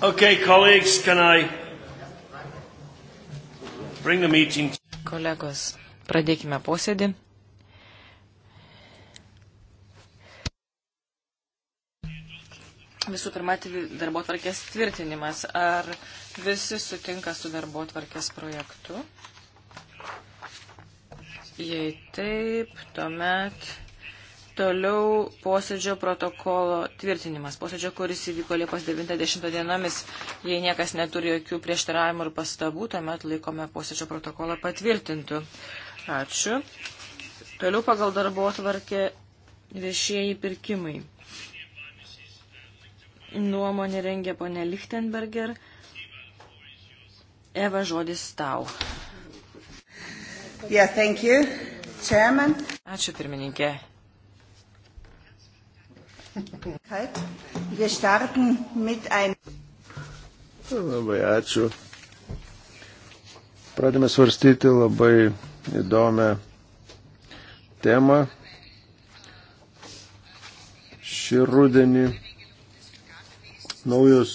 Okay, colleagues, can I bring the meeting? Kolegos, pradėkime posėdį. Visų pirma, tai darbo tvarkės tvirtinimas. Ar visi sutinka su darbo tvarkės projektu? Jei taip, tuomet Toliau posėdžio protokolo tvirtinimas. Posėdžio, kuris įvyko Liepos 90 dienomis, jei niekas neturi jokių prieštaravimų ir pastabų, tuomet laikome posėdžio protokolą patvirtintų. Ačiū. Toliau pagal darbo atvarkė viešieji pirkimai. Nuomonė rengė ponė Lichtenberger. Eva, žodis tau. Yeah, thank you, chairman. Ačiū pirmininkė. Labai ačiū. Pradėme svarstyti labai įdomią temą. Šį rudenį naujos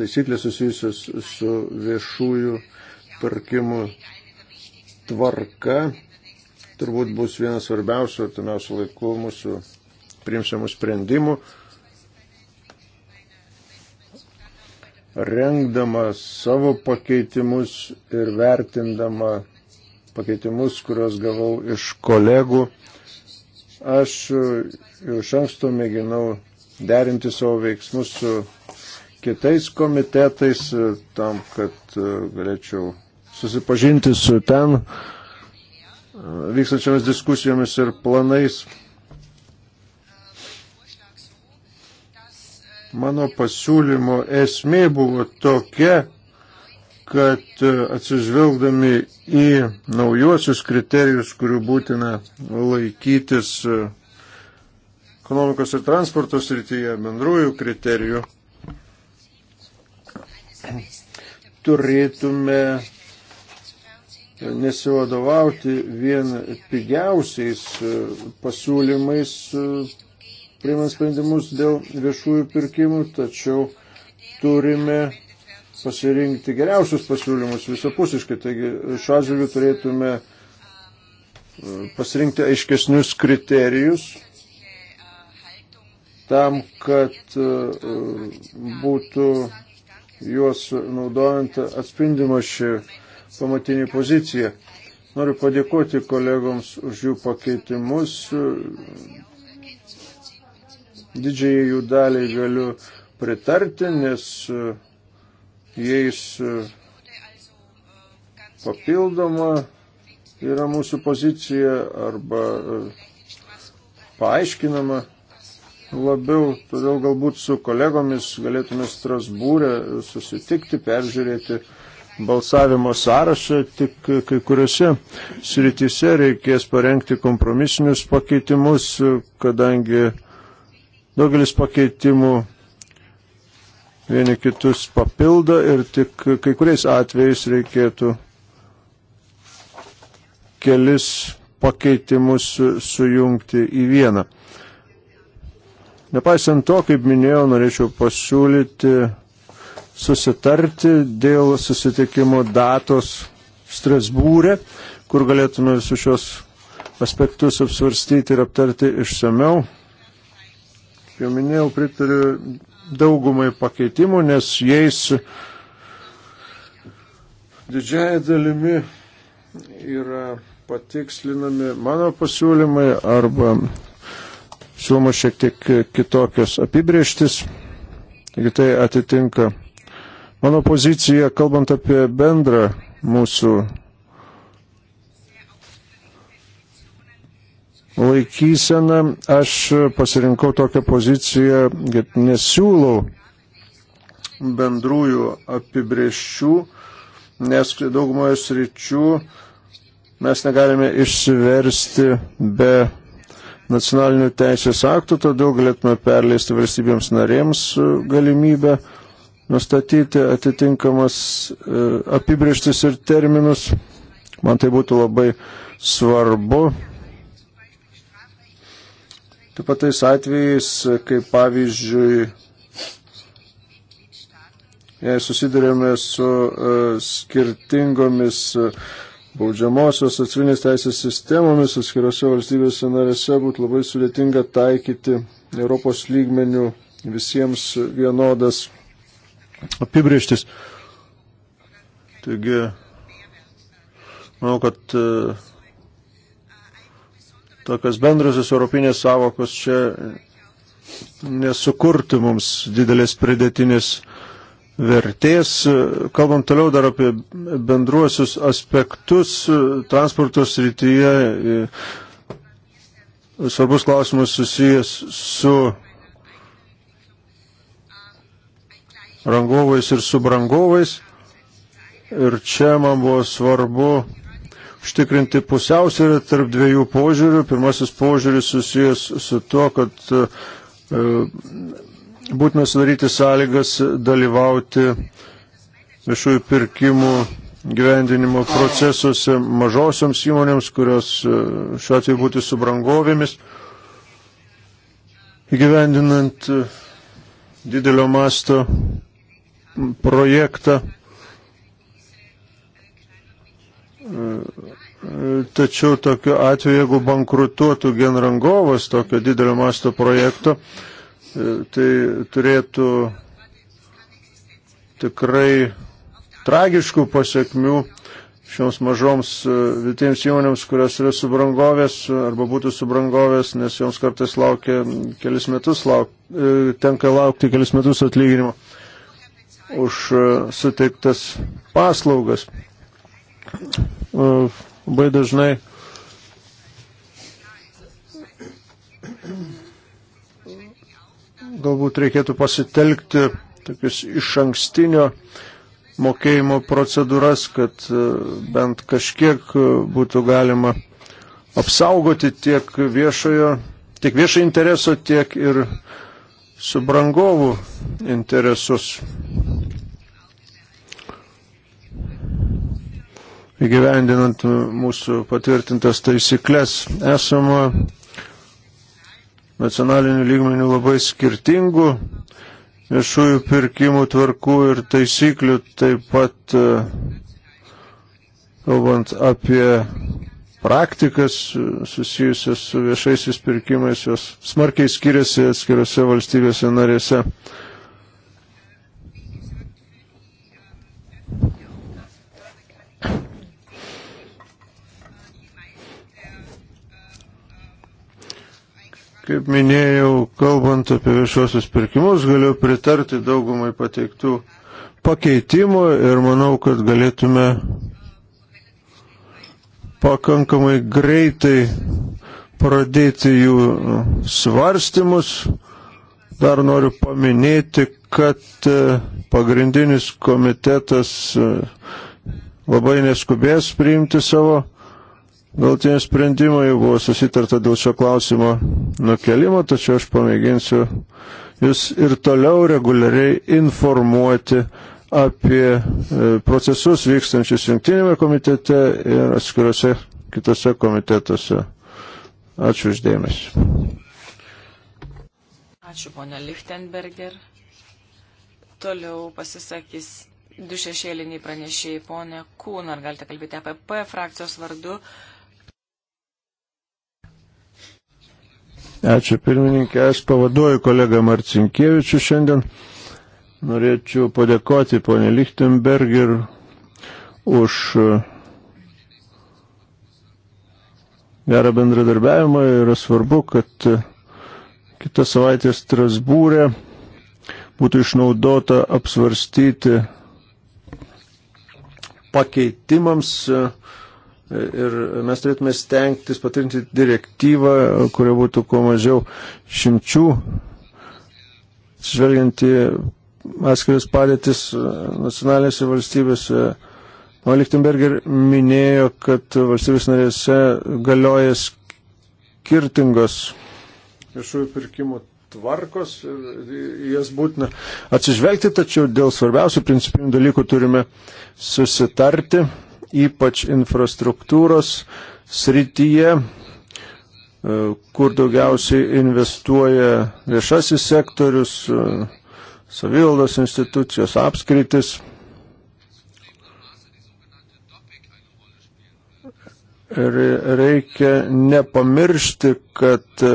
taisyklės susijusios su viešųjų pirkimų tvarka turbūt bus vienas svarbiausių artimiausių laikų mūsų priimsiamų sprendimų, rengdama savo pakeitimus ir vertindama pakeitimus, kuriuos gavau iš kolegų. Aš iš anksto mėginau derinti savo veiksmus su kitais komitetais, tam, kad e, galėčiau susipažinti su ten e, vykstančiomis diskusijomis ir planais. Mano pasiūlymo esmė buvo tokia, kad e, atsižvelgdami į naujuosius kriterijus, kurių būtina laikytis e, ekonomikos ir transporto srityje, bendrųjų kriterijų, turėtume nesivadovauti vien pigiausiais e, pasiūlymais priimant sprendimus dėl viešųjų pirkimų, tačiau turime pasirinkti geriausius pasiūlymus visapusiškai. Taigi šiuo atžvilgiu turėtume e, pasirinkti aiškesnius kriterijus tam, kad e, būtų juos naudojant atspindima ši pamatinė pozicija. Noriu padėkoti kolegoms už jų pakeitimus didžiai jų daliai galiu pritarti, nes e, jais e, papildoma yra mūsų pozicija arba e, paaiškinama labiau, todėl galbūt su kolegomis galėtume Strasbūrę susitikti, peržiūrėti balsavimo sąrašą, tik kai kuriuose srityse reikės parengti kompromisinius pakeitimus, kadangi Daugelis pakeitimų vieni kitus papildo ir tik kai kuriais atvejais reikėtų kelis pakeitimus sujungti į vieną. Nepaisant to, kaip minėjau, norėčiau pasiūlyti susitarti dėl susitikimo datos Strasbūrė, kur galėtume visus šios aspektus apsvarstyti ir aptarti išsameu jau minėjau, pritariu daugumai pakeitimų, nes jais didžiaja dalimi yra patikslinami mano pasiūlymai arba siūloma šiek tiek kitokios apibrieštis. Taigi tai atitinka mano poziciją, kalbant apie bendrą mūsų laikyseną. Aš pasirinkau tokią poziciją, kad nesiūlau bendrųjų apibrėžčių, nes daugumoje sričių mes negalime išsiversti be nacionalinių teisės aktų, todėl galėtume perleisti valstybėms narėms galimybę nustatyti atitinkamas e, apibrieštis ir terminus. Man tai būtų labai svarbu, Taip pat tais atvejais, kai pavyzdžiui, jei susidurėme su uh, skirtingomis uh, baudžiamosios atsvinės teisės sistemomis atskirose valstybėse narėse būtų labai sudėtinga taikyti Europos lygmenių visiems vienodas apibrieštis. Taigi, manau, kad uh, tokios bendrasios europinės savokos čia nesukurti mums didelės pridėtinės vertės. Kalbant toliau dar apie bendruosius aspektus transporto srityje, e, svarbus klausimas susijęs su rangovais ir subrangovais. Ir čia man buvo svarbu užtikrinti pusiausvyrą tarp dviejų požiūrių. Pirmasis požiūris susijęs su tuo, kad e, būtina sudaryti sąlygas dalyvauti viešųjų pirkimų gyvendinimo procesuose mažosioms įmonėms, kurios e, šiuo atveju būtų subrangovėmis, gyvendinant e, didelio masto projektą Tačiau tokiu atveju, jeigu bankrutuotų genrangovas tokio didelio masto projekto, e, tai turėtų tikrai tragiškų pasiekmių šioms mažoms e, vietiems įmonėms, kurios yra subrangovės arba būtų subrangovės, nes joms kartais laukia kelis metus, lauk, e, tenka laukti kelis metus atlyginimo už suteiktas paslaugas. Uh Labai dažnai galbūt reikėtų pasitelkti tokius iš ankstinio mokėjimo procedūras, kad e, bent kažkiek būtų galima apsaugoti tiek viešojo, tiek viešo intereso, tiek ir subrangovų interesus. įgyvendinant mūsų patvirtintas taisyklės. Esama nacionalinių lygmenių labai skirtingų viešųjų pirkimų tvarkų ir taisyklių, taip pat e, kalbant apie praktikas susijusias su viešaisiais pirkimais, jos smarkiai skiriasi atskirose valstybėse narėse. Kaip minėjau, kalbant apie viešuosius pirkimus, galiu pritarti daugumai pateiktų pakeitimų ir manau, kad galėtume pakankamai greitai pradėti jų svarstymus. Dar noriu paminėti, kad e, pagrindinis komitetas e, labai neskubės priimti savo galtinio sprendimo, jau buvo susitarta dėl šio klausimo nukelimo, tačiau aš pamėginsiu jūs ir toliau reguliariai informuoti apie e, procesus vykstančius jungtinėme komitete ir atskiruose kitose komitetuose. Ačiū uždėmesi. Ačiū, ponia Lichtenberger. Toliau pasisakys du šešėliniai pranešėjai, ponia Kūn, ar galite kalbėti apie P frakcijos vardu, Ačiū pirmininkė, aš pavaduoju kolegą Marcinkievičių šiandien. Norėčiau padėkoti ponė Lichtenberger už uh, gerą bendradarbiavimą. Yra svarbu, kad uh, kitą savaitę Strasbūrė būtų išnaudota apsvarstyti pakeitimams uh, Ir mes turėtume stengtis patvirtinti direktyvą, kuria būtų kuo mažiau šimčių, žvelgiant į atskiris padėtis e, nacionalinėse valstybėse. O Lichtenberger minėjo, kad valstybės narėse galioja skirtingos viešųjų pirkimų tvarkos ir jas būtina atsižvelgti, tačiau dėl svarbiausių principinių dalykų turime susitarti ypač infrastruktūros srityje, e, kur daugiausiai investuoja viešasis sektorius, e, savivaldos institucijos apskritis. Ir reikia nepamiršti, kad e,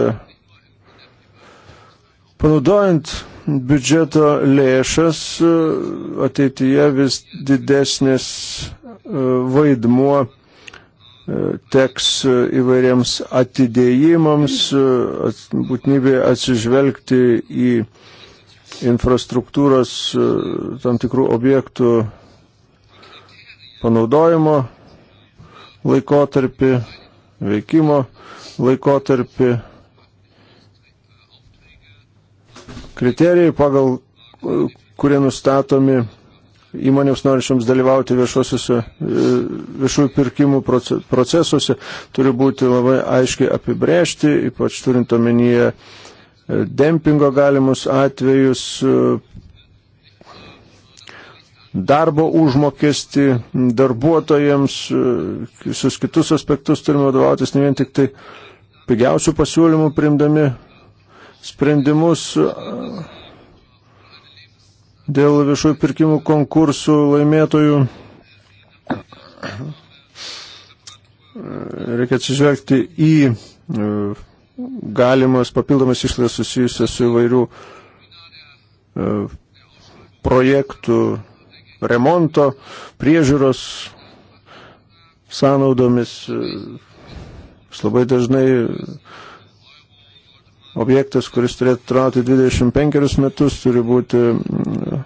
panaudojant biudžeto lėšas e, ateityje vis didesnis e, vaidmuo e, teks įvairiems atidėjimams, būtinybė atsižvelgti į infrastruktūros tam tikrų objektų panaudojimo laikotarpį, veikimo laikotarpį kriterijai, pagal kurie nustatomi įmonėms norinčiams dalyvauti e, viešųjų pirkimų procesuose, turi būti labai aiškiai apibrėžti, ypač turint omenyje e, dempingo galimus atvejus, e, darbo užmokestį darbuotojams, visus kitus aspektus turime vadovautis ne vien tik tai pigiausių pasiūlymų primdami sprendimus e, dėl viešųjų pirkimų konkursų laimėtojų. Reikia atsižvelgti į e, galimas papildomas išlaidas susijusias su įvairių e, projektų remonto, priežiūros sąnaudomis. Jis labai dažnai objektas, kuris turėtų trauti 25 metus, turi būti mm,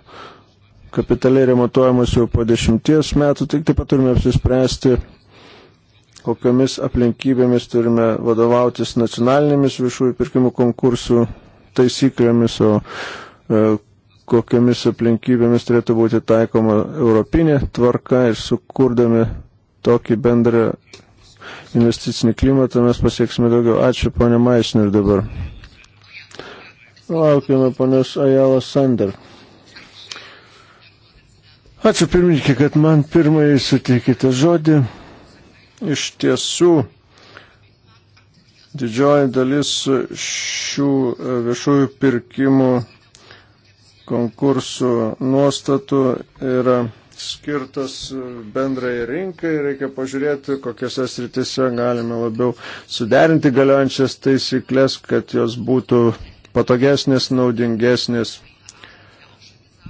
kapitaliai remontuojamas jau po 10 metų, tik taip pat turime apsispręsti, kokiamis aplinkybėmis turime vadovautis nacionalinėmis viešųjų pirkimų konkursų taisyklėmis, o e, kokiamis aplinkybėmis turėtų būti taikoma europinė tvarka ir sukurdami tokį bendrą investicinį klimatą mes pasieksime daugiau. Ačiū, ponė Maisner, dabar. Laukiame ponios Ajala Sander. Ačiū pirmininkė, kad man pirmąjį suteikite žodį. Iš tiesų, didžioji dalis šių viešųjų pirkimų konkursų nuostatų yra skirtas bendrai rinkai, reikia pažiūrėti, kokiuose sritise galime labiau suderinti galiojančias taisyklės, kad jos būtų patogesnės, naudingesnės.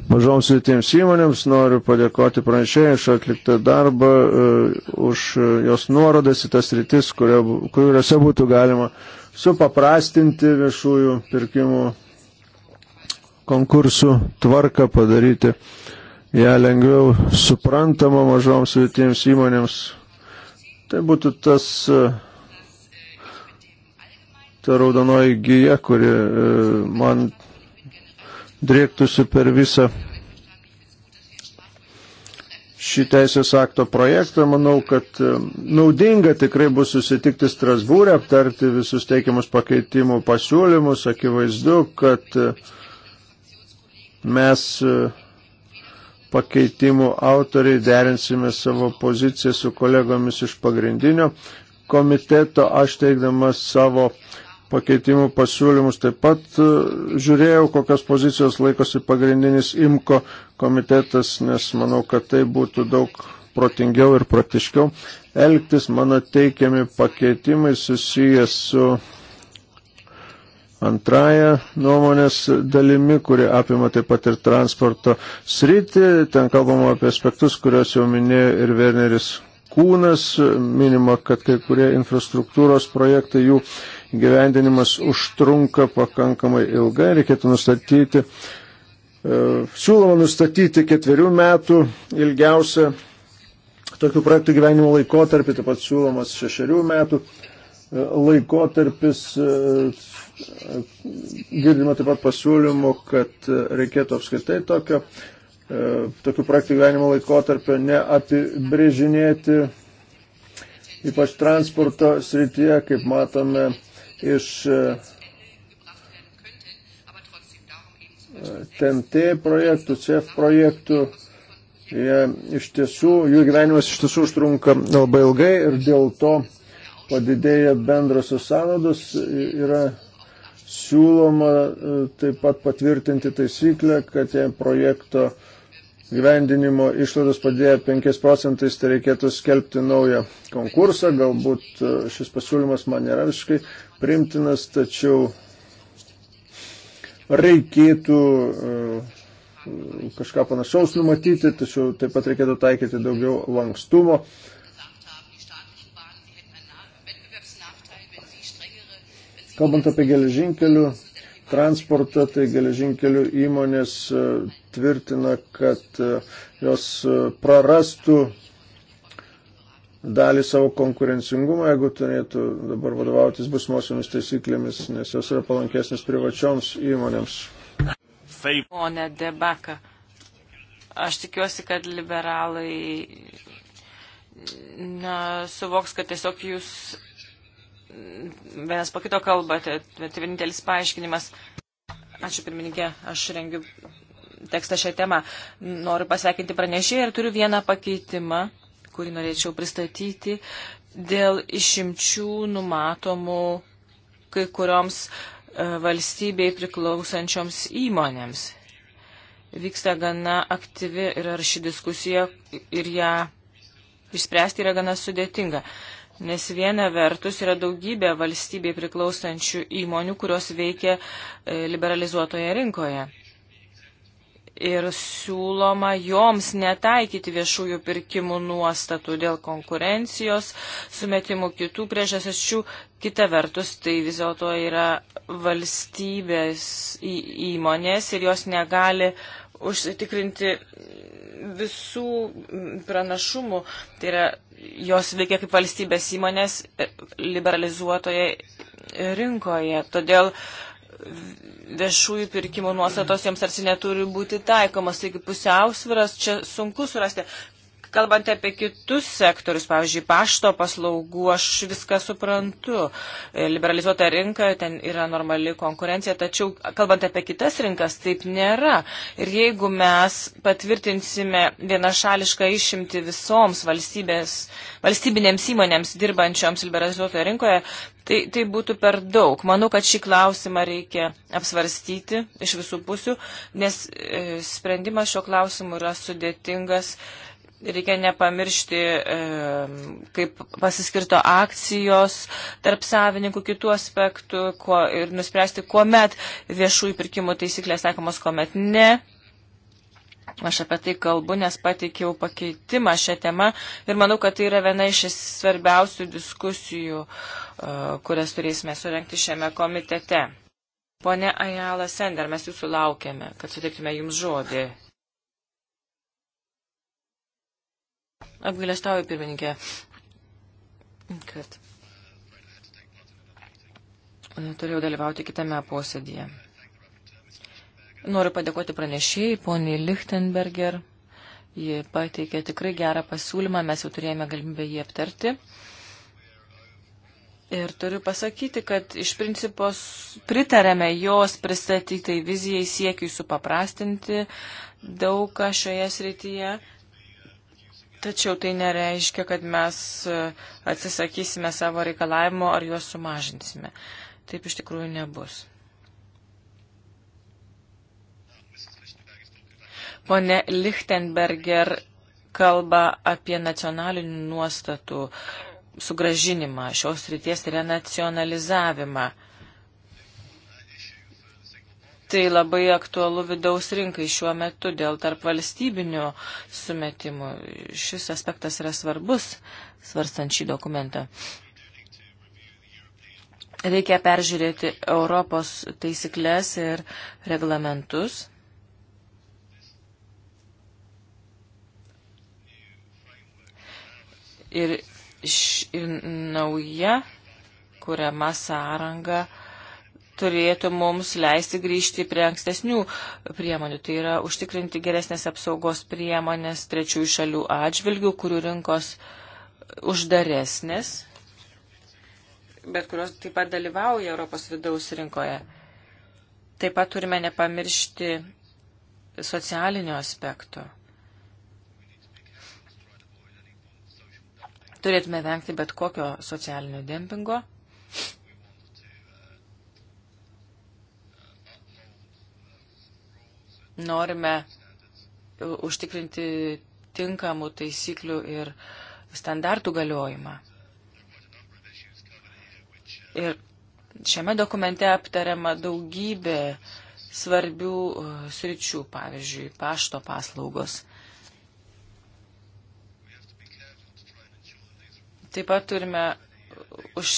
Mažoms vietiems įmonėms noriu padėkoti pranešėjai už atliktą darbą, e, už e, jos nuorodas į tas rytis, kuriuose būtų galima supaprastinti viešųjų pirkimų konkursų tvarką, padaryti ją lengviau suprantamą mažoms vietiems įmonėms. Tai būtų tas uh, ta raudonoji gyja, kuri e, man drėktųsi per visą šį teisės akto projektą. Manau, kad e, naudinga tikrai bus susitikti Strasbūrė, aptarti visus teikiamus pakeitimų pasiūlymus. Akivaizdu, kad e, mes pakeitimų autoriai derinsime savo poziciją su kolegomis iš pagrindinio komiteto. Aš teikdamas savo uh, pakeitimų pasiūlymus. Taip pat e, žiūrėjau, kokios pozicijos laikosi pagrindinis IMKO komitetas, nes manau, kad tai būtų daug protingiau ir praktiškiau elgtis. Mano teikiami pakeitimai susijęs su antraja nuomonės dalimi, kuri apima taip pat ir transporto sritį. Ten kalbama apie aspektus, kuriuos jau minėjo ir Werneris Kūnas. Minima, kad kai kurie infrastruktūros projektai jų gyvendinimas užtrunka pakankamai ilgai, reikėtų nustatyti, e, siūloma nustatyti ketverių metų ilgiausią tokių projektų gyvenimo laikotarpį, taip pat siūlomas šešerių metų e, laikotarpis, e, girdima taip pat pasiūlymų, kad reikėtų apskritai tokio, tokių projektų gyvenimo laikotarpio neapibrėžinėti, ypač transporto srityje, kaip matome, iš TNT e, projektų, CEF projektų. Jie iš tiesų, jų gyvenimas iš tiesų užtrunka labai ilgai ir dėl to padidėja bendrosios sąnaudos. Yra siūloma e, taip pat patvirtinti taisyklę, kad jei projekto uh, gyvendinimo išlaidos padėjo 5 procentais, tai reikėtų skelbti naują konkursą. Galbūt e, šis pasiūlymas man nėra visiškai primtinas, tačiau reikėtų e, kažką panašaus numatyti, tačiau taip pat reikėtų taikyti daugiau lankstumo. Kalbant apie geležinkelių transportą, tai geležinkelių įmonės e, tvirtina, kad e, jos e, prarastų dalį savo konkurencingumą, jeigu turėtų dabar vadovautis busmosiomis taisyklėmis, nes jos yra palankesnės privačioms įmonėms. Pone Debaka, aš tikiuosi, kad liberalai na, suvoks, kad tiesiog jūs vienas po kito kalbate, bet vienintelis paaiškinimas. Ačiū pirmininkė, aš rengiu tekstą šią temą. Noriu pasveikinti pranešėją ir turiu vieną pakeitimą, kurį norėčiau pristatyti dėl išimčių numatomų kai kurioms e, valstybei priklausančioms įmonėms. Vyksta gana aktyvi ir arši diskusija ir ją išspręsti yra gana sudėtinga. Nes viena vertus yra daugybė valstybei priklausančių įmonių, kurios veikia e, liberalizuotoje rinkoje. Ir siūloma joms netaikyti viešųjų pirkimų nuostatų dėl konkurencijos, sumetimų kitų priežasčių. Kita vertus, tai vis dėlto yra valstybės įmonės ir jos negali uh, užsitikrinti visų pranašumų. Tai yra, jos veikia kaip valstybės įmonės liberalizuotoje rinkoje. Todėl viešųjų pirkimų nuostatos joms tarsi neturi būti taikomos. Taigi pusiausviras čia sunku surasti. Kalbant apie kitus sektorius, pavyzdžiui, pašto paslaugų, aš viską suprantu. Liberalizuota rinka, ten yra normali konkurencija, tačiau kalbant apie kitas rinkas, taip nėra. Ir jeigu mes patvirtinsime vienašališką išimti visoms valstybės, valstybinėms įmonėms dirbančioms liberalizuotoje rinkoje, Tai, tai būtų per daug. Manau, kad šį klausimą reikia apsvarstyti iš visų pusių, nes e, sprendimas šio klausimu yra sudėtingas reikia nepamiršti, kaip pasiskirto akcijos tarp savininkų kitų aspektų kuo, ir nuspręsti, kuomet viešųjų pirkimų taisyklės taikomos, kuomet ne. Aš apie tai kalbu, nes pateikiau pakeitimą šią temą ir manau, kad tai yra viena iš svarbiausių diskusijų, e, kurias turėsime surenkti šiame komitete. Pone Ajala Sender, mes jūsų laukiame, kad suteiktume jums žodį. Apgailestauju, pirmininkė, kad turėjau dalyvauti kitame posėdėje. Noriu padėkoti pranešėjai, poniai Lichtenberger. Ji pateikė tikrai gerą pasiūlymą, mes jau turėjome galimybę jį aptarti. Ir turiu pasakyti, kad iš principo pritarėme jos pristatytai vizijai siekiui supaprastinti daug ką šioje srityje. Tačiau tai nereiškia, kad mes e, atsisakysime savo reikalavimo ar juos sumažinsime. Taip iš tikrųjų nebus. Pone Lichtenberger kalba apie nacionalinių nuostatų sugražinimą, šios ryties renacionalizavimą. Tai labai aktualu vidaus rinkai šiuo metu dėl tarp valstybinių sumetimų. Šis aspektas yra svarbus, svarstant šį dokumentą. Reikia peržiūrėti Europos taisyklės ir reglamentus. Ir, š, ir nauja kuriama sąranga. Uh, turėtų mums leisti grįžti prie ankstesnių priemonių. Tai yra užtikrinti geresnės apsaugos priemonės trečiųjų šalių atžvilgių, kurių rinkos uždaresnės, bet kurios taip pat dalyvauja Europos vidaus rinkoje. Taip pat turime nepamiršti socialinio aspekto. Turėtume vengti bet kokio socialinio dempingo. norime užtikrinti tinkamų taisyklių ir standartų galiojimą. Ir šiame dokumente aptariama daugybė svarbių uh, sričių, pavyzdžiui, pašto paslaugos. Taip pat turime už,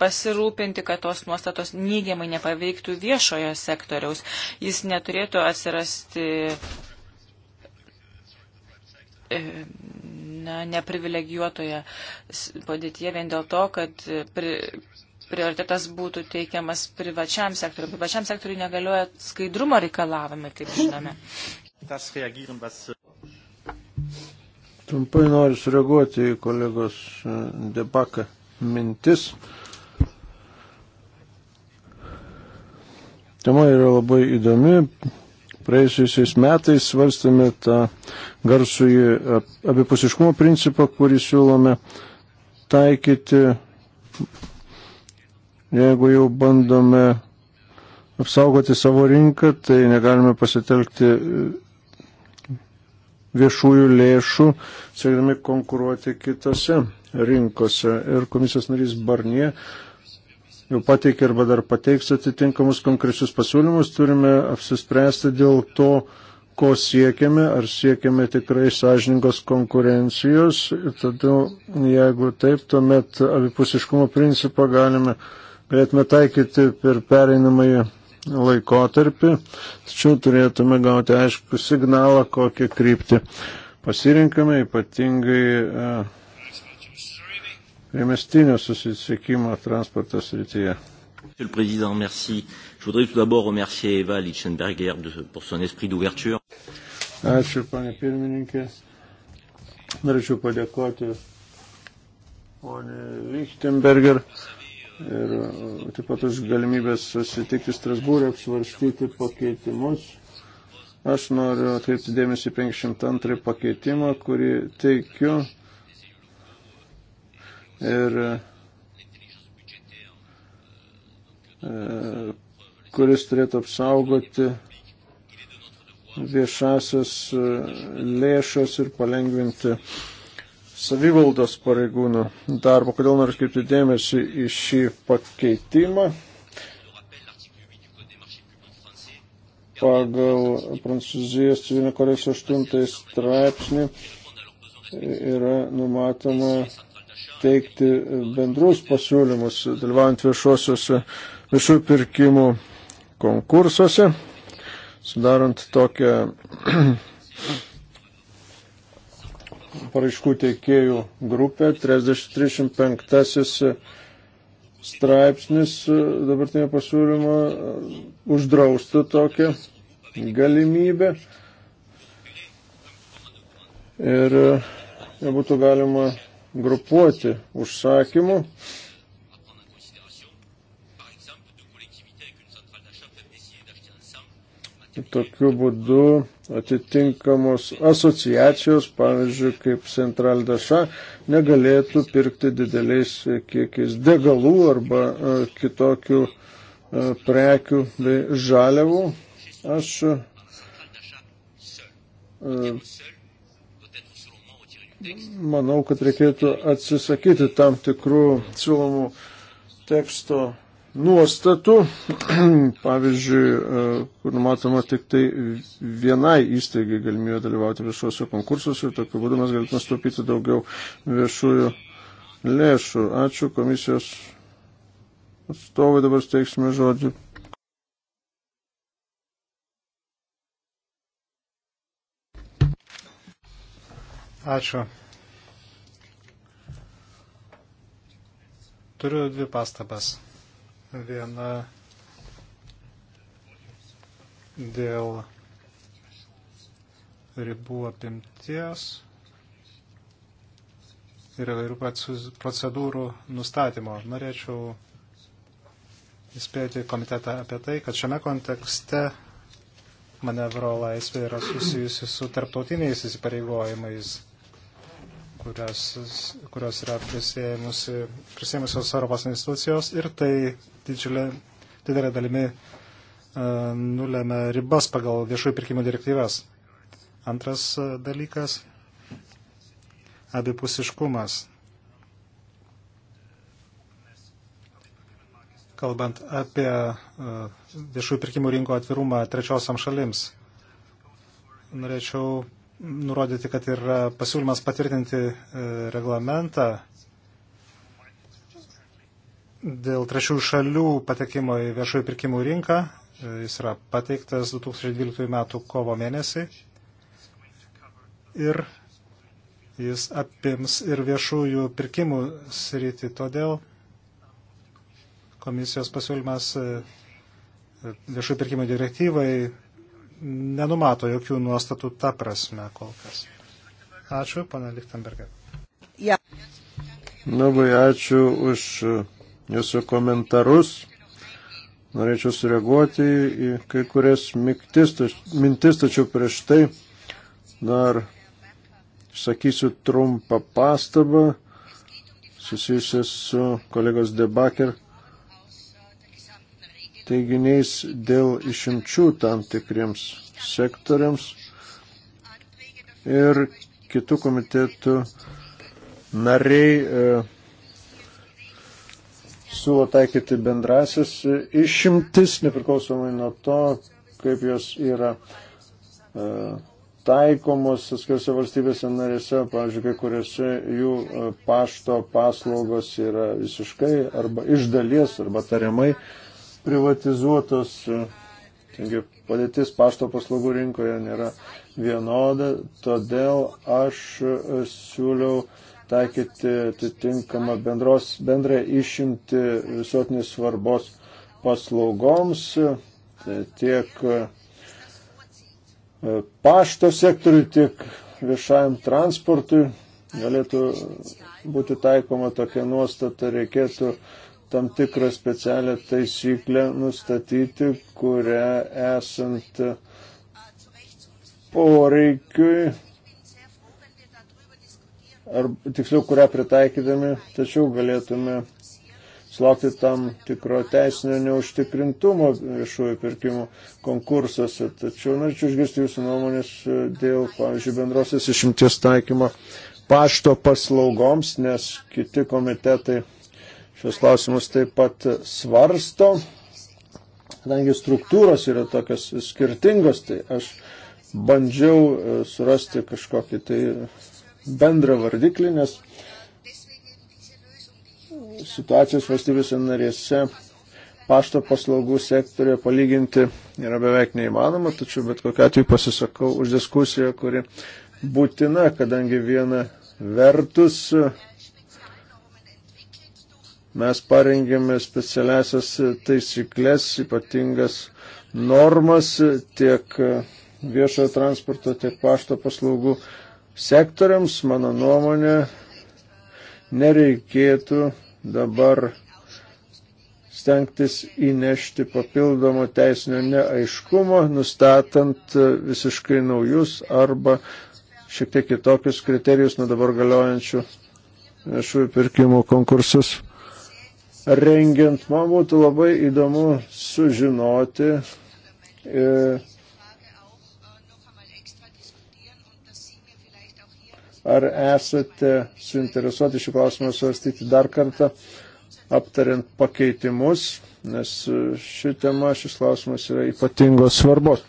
pasirūpinti, kad tos nuostatos neigiamai nepaveiktų viešojo sektoriaus. Jis neturėtų atsirasti e, na, neprivilegijuotoje padėtyje vien dėl to, kad e, pri, prioritetas būtų teikiamas privačiam sektoriu. Privačiam sektoriu negalioja skaidrumo reikalavimai, kaip žinome. Trumpai noriu sureaguoti į kolegos e, debaką mintis. Uh, Tema yra labai įdomi. Praėjusiais metais svarstame tą garsųjį abipusiškumo principą, kurį siūlome taikyti, jeigu jau bandome apsaugoti savo rinką, tai negalime pasitelkti viešųjų lėšų, siekdami konkuruoti kitose rinkose. Ir komisijos narys Barnie jau pateikė arba dar pateiks atitinkamus konkrečius pasiūlymus, turime apsispręsti dėl to, ko siekiame, ar siekiame tikrai sąžiningos konkurencijos. Todėl, jeigu taip, tuomet abipusiškumo principą galime, galėtume taikyti per pereinamąjį laikotarpį, tačiau turėtume gauti aišku signalą, kokią kryptį pasirinkame, ypatingai. E, priemestinio susisiekimo transporto srityje. Monsieur le Président, merci. Je voudrais tout d'abord remercier Eva Lichtenberger de, pour son esprit d'ouverture. Ačiū, panė pirmininkė. Norėčiau padėkoti ponė Lichtenberger ir uh, taip pat už galimybės susitikti Strasbūrė, apsvarstyti pakeitimus. Aš noriu atkreipti dėmesį 502 pakeitimą, kurį teikiu ir e, kuris turėtų apsaugoti viešasias e, lėšas ir palengvinti savivaldos pareigūnų darbą. Kodėl noriu skirti dėmesį į šį pakeitimą? Pagal Prancūzijos civilinio kodekso 8 straipsnį yra numatoma teikti bendrus pasiūlymus, dalyvaujant viešuosiuose viešų pirkimų konkursuose, sudarant tokią paraiškų teikėjų grupę 335 straipsnis dabartinio pasiūlymo uždraustų tokią galimybę ir būtų galima grupuoti užsakymų. Tokiu būdu atitinkamos asociacijos, pavyzdžiui, kaip Central Daša, negalėtų pirkti dideliais kiekiais degalų arba e, kitokių e, prekių bei žaliavų. Aš e, manau, kad reikėtų atsisakyti tam tikrų siūlomų teksto nuostatų, pavyzdžiui, e, kur numatoma tik tai vienai įstaigai galimybė dalyvauti viešuose konkursuose ir tokiu būdu mes galėtume stopyti daugiau viešųjų lėšų. Ačiū komisijos atstovai, dabar steiksime žodžiu Ačiū. Turiu dvi pastabas. Viena dėl ribų apimties ir įvairių procedūrų nustatymo. Norėčiau įspėti komitetą apie tai, kad šiame kontekste manevro laisvė yra susijusi su tarptautiniais įsipareigojimais kurios, kurios yra prisėmusios Europos institucijos ir tai didžiulė, didelė dalimi e, nulėmė ribas pagal viešųjų pirkimų direktyvas. Antras e, dalykas - abipusiškumas. Kalbant apie e, viešųjų pirkimų rinko atvirumą trečiosiam šalims, norėčiau nurodyti, kad yra pasiūlymas patvirtinti e, reglamentą dėl trečių šalių patekimo į viešųjų pirkimų rinką. E, jis yra pateiktas 2012 m. kovo mėnesį ir jis apims ir viešųjų pirkimų sritį. Todėl komisijos pasiūlymas e, viešųjų pirkimų direktyvai nenumato jokių nuostatų tą prasme kol kas. Ačiū, pana Lichtenberger. Ja. Labai ačiū už jūsų komentarus. Norėčiau sureaguoti į kai kurias miktis, tač, mintis, tačiau prieš tai dar sakysiu trumpą pastabą susijusią su kolegos Debaker teiginiais dėl išimčių tam tikriems sektoriams ir kitų komitetų nariai e, siūlo taikyti bendrasis e, išimtis, nepriklausomai nuo to, kaip jos yra e, taikomos skirse valstybėse narėse, pavyzdžiui, kai kuriuose jų e, pašto paslaugos yra visiškai arba iš dalies arba tariamai privatizuotos, e, taigi padėtis pašto paslaugų rinkoje nėra vienoda, todėl aš e, siūliau taikyti atitinkamą bendros, bendrą išimti visuotinės svarbos paslaugoms e, tiek pašto sektoriui, tiek viešajam transportui galėtų būti taikoma tokia nuostata, reikėtų tam tikrą specialią taisyklę nustatyti, kurią esant poreikiui, ar tiksliau, kurią pritaikydami, tačiau galėtume sulaukti tam tikro teisinio neužtikrintumo viešųjų pirkimų konkursuose. Tačiau norėčiau išgirsti jūsų nuomonės dėl, pavyzdžiui, bendrosios išimties taikymo pašto paslaugoms, nes kiti komitetai šios klausimus taip pat svarsto, kadangi struktūros yra tokios skirtingos, tai aš bandžiau e, surasti kažkokį tai bendrą vardiklį, nes situacijos valstybėse narėse pašto paslaugų sektorioje palyginti yra beveik neįmanoma, tačiau bet kokiu atveju pasisakau už diskusiją, kuri būtina, kadangi viena vertus Mes parengėme specialiasias taisyklės, ypatingas normas tiek viešojo transporto, tiek pašto paslaugų sektoriams. Mano nuomonė, nereikėtų dabar stengtis įnešti papildomo teisinio neaiškumo, nustatant visiškai naujus arba šiek tiek kitokius kriterijus nuo dabar galiojančių viešųjų pirkimų konkursus rengiant. Man būtų labai įdomu sužinoti. E, ar esate suinteresuoti šį klausimą svarstyti dar kartą, aptariant pakeitimus, nes ši tema, šis klausimas yra ypatingos svarbos.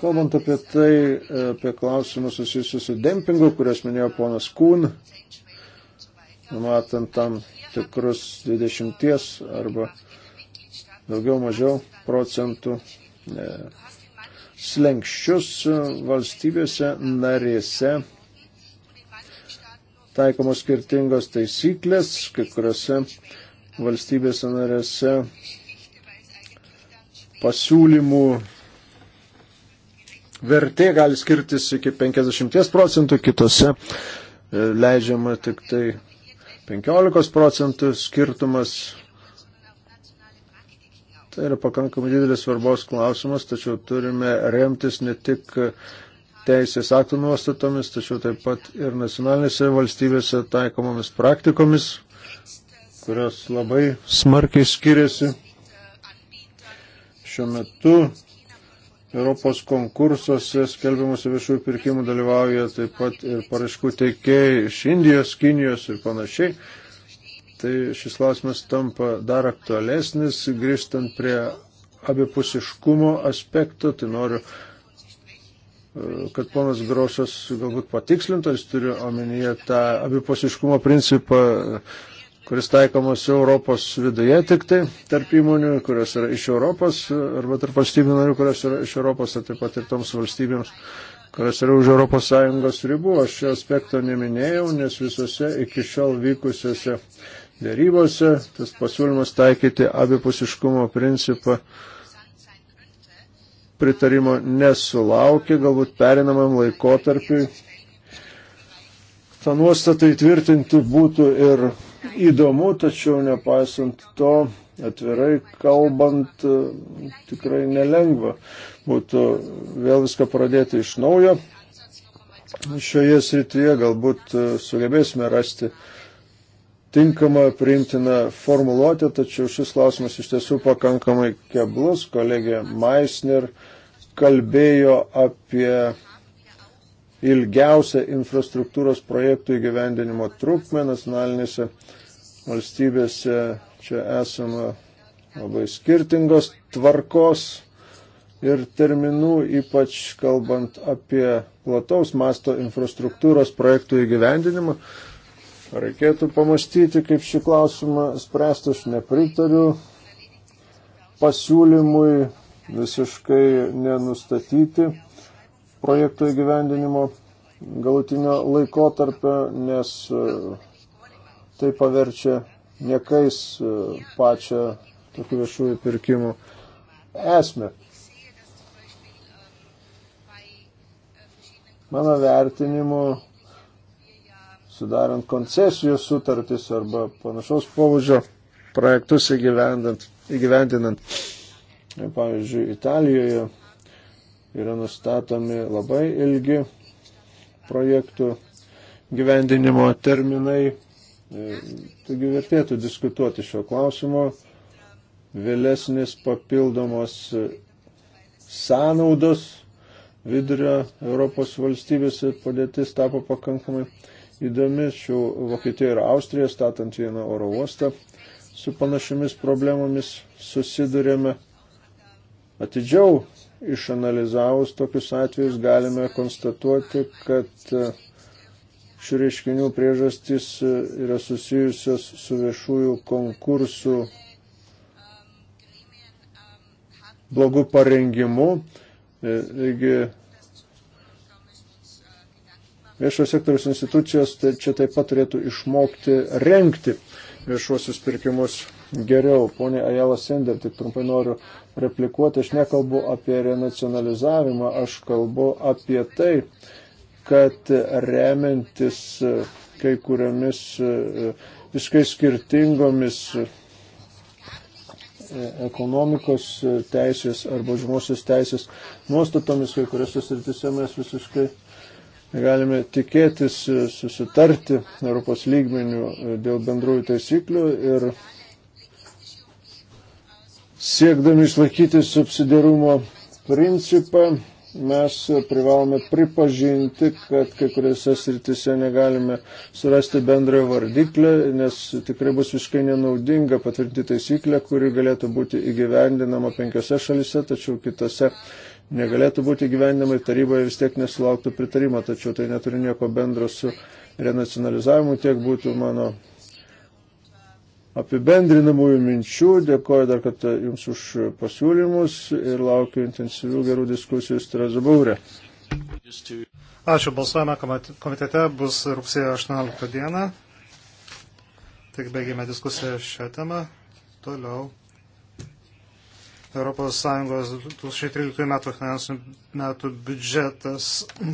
Kalbant apie tai, apie klausimus susijusius su dempingu, kurias minėjo ponas Kūn, numatant tam tikrus 20 arba daugiau mažiau procentų e, slengščius valstybėse narėse taikomos skirtingos taisyklės, kai kuriuose valstybėse narėse pasiūlymų vertė gali skirtis iki 50 procentų, kitose e, leidžiama tik tai 15 procentų skirtumas. Tai yra pakankamai didelis svarbos klausimas, tačiau turime remtis ne tik teisės aktų nuostatomis, tačiau taip pat ir nacionalinėse valstybėse taikomomis praktikomis, kurios labai smarkiai skiriasi. Šiuo metu Europos konkursuose skelbimuose viešųjų pirkimų dalyvauja taip pat ir paraiškų teikėjai iš Indijos, Kinijos ir panašiai. Tai šis klausimas tampa dar aktualesnis, grįžtant prie abipusiškumo aspekto, tai noriu, e, kad ponas Grošas galbūt patikslintas, turiu omenyje tą abipusiškumo principą kuris taikomas Europos viduje tik tai, tarp įmonių, kurios yra iš Europos, arba tarp valstybių narių, kurios yra iš Europos, ar taip pat ir toms valstybėms, kurios yra už ES ribų. Aš šio aspekto neminėjau, nes visose iki šiol vykusiose dėrybose tas pasiūlymas taikyti abipusiškumo principą pritarimo nesulaukė, galbūt perinamam laikotarpiui. Ta nuostata įtvirtinti būtų ir įdomu, tačiau nepaisant to, atvirai kalbant, tikrai nelengva būtų vėl viską pradėti iš naujo. Šioje srityje galbūt sugebėsime rasti tinkamą priimtiną formuluotę, tačiau šis klausimas iš tiesų pakankamai keblus. Kolegė Meisner kalbėjo apie ilgiausią infrastruktūros projektų įgyvendinimo trukmę nacionalinėse valstybėse. Čia esama labai skirtingos tvarkos ir terminų, ypač kalbant apie plataus masto infrastruktūros projektų įgyvendinimą. Reikėtų pamastyti, kaip šį klausimą spręsti, aš nepritariu pasiūlymui visiškai nenustatyti projekto įgyvendinimo galutinio laikotarpio, nes e, tai paverčia niekais e, pačią tokių viešųjų pirkimų esmę. Mano vertinimu, sudarant koncesijų sutartis arba panašaus pobūdžio projektus įgyvendinant, pavyzdžiui, Italijoje yra nustatomi labai ilgi projektų gyvendinimo terminai. E, taigi vertėtų diskutuoti šio klausimo. Vėlesnis papildomos sąnaudos vidurio Europos valstybėse padėtis tapo pakankamai įdomi. Šių Vokietija ir Austrija statant vieną oro uostą su panašiomis problemomis susidurėme. Atidžiau išanalizavus tokius atvejus galime konstatuoti, kad e, šių reiškinių priežastys e, yra susijusios su viešųjų konkursų blogų parengimų. E, taigi viešo sektoriaus institucijos tai čia taip pat turėtų išmokti renkti viešuosius pirkimus geriau. Pone Ajala Sender, tik trumpai noriu replikuoti, aš nekalbu apie renacionalizavimą, aš kalbu apie tai, kad remiantis kai kuriomis viskai skirtingomis ekonomikos teisės arba žmosios teisės nuostatomis, kai kuriuose sritise mes visiškai galime tikėtis susitarti Europos lygmenių dėl bendrųjų taisyklių ir siekdami išlaikyti subsidiarumo principą, mes privalome pripažinti, kad kai kuriuose sritise negalime surasti bendrojo vardiklio, nes tikrai bus visiškai nenaudinga patvirtinti taisyklę, kuri galėtų būti įgyvendinama penkiose šalise, tačiau kitose negalėtų būti įgyvendinama ir taryboje vis tiek nesulauktų pritarimo, tačiau tai neturi nieko bendro su renacionalizavimu, tiek būtų mano apibendrinamųjų minčių. Dėkoju dar kartą Jums už pasiūlymus ir laukiu intensyvių gerų diskusijų Strasbūrė. Ačiū. Balsuojame komitete bus rugsėjo 18 dieną. Tik baigėme diskusiją šią temą. Toliau. ES 2013 metų finansinių metų biudžetas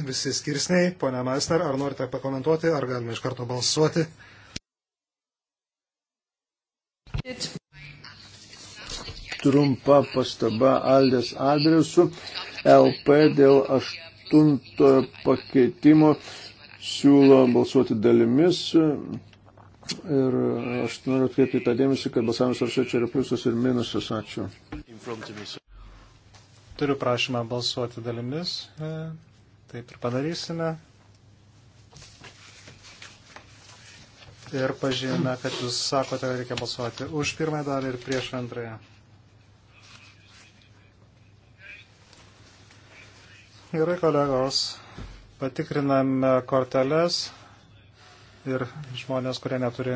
visi skirsniai. Pone Maisner, ar norite pakomentuoti, ar galime iš karto balsuoti? Trumpa pastaba Aldės adresu LP dėl aštuntojo pakeitimo siūlo balsuoti dalimis. Ir aš noriu atkreipti tą dėmesį, kad balsavimas ar čia yra pliusas ir minusas. Ačiū. Turiu prašymą balsuoti dalimis. E, taip ir padarysime. ir pažymime, kad jūs sakote, kad reikia balsuoti už pirmąją dalį ir prieš antrąją. Gerai, kolegos, patikriname korteles ir žmonės, kurie neturi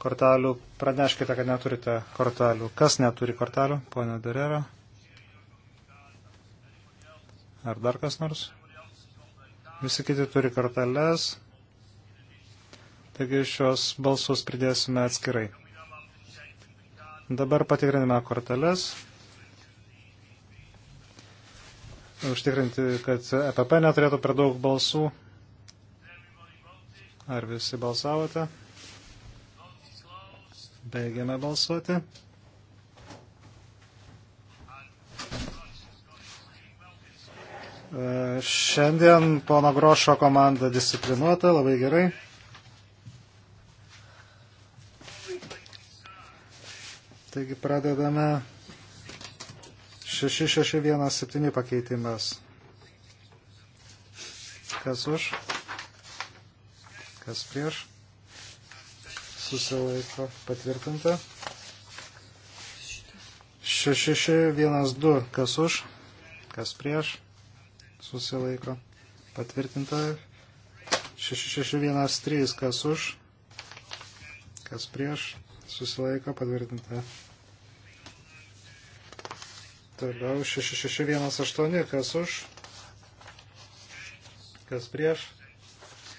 kortelių, praneškite, kad neturite kortelių. Kas neturi kortelių? Pone Derero. Ar dar kas nors? Visi kiti turi korteles. Taigi šios balsus pridėsime atskirai. Dabar patikrinime korteles. Užtikrinti, kad EPP neturėtų per daug balsų. Ar visi balsavote? Baigiame balsuoti. E, šiandien pono Grošo komanda disciplinuota, labai gerai. Taigi pradedame 6617 pakeitimas. Kas už? Kas prieš? Susilaiko patvirtinta. 6612 kas už? Kas prieš? Susilaiko patvirtinta. 6613 kas už? Kas prieš? susilaiko patvirtinta. Toliau 6618, kas už, kas prieš,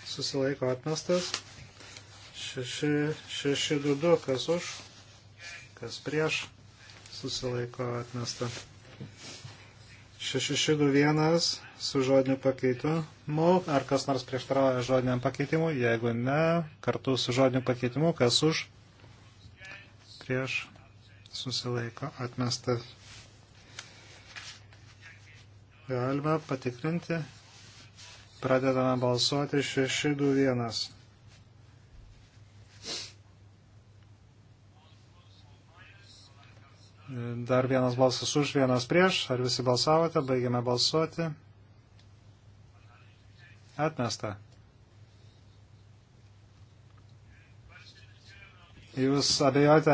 susilaiko atmestas. 6622, kas už, kas prieš, susilaiko atmestą. 6621 su žodiniu pakeitimu. Ar kas nors prieštarauja žodiniam pakeitimu? Jeigu ne, kartu su žodiniu pakeitimu, kas už, prieš susilaiko atmesta. Galima patikrinti. Pradedame balsuoti 621. Dar vienas balsas už, vienas prieš. Ar visi balsavote? Baigiame balsuoti. Atmesta. Jūs abejojate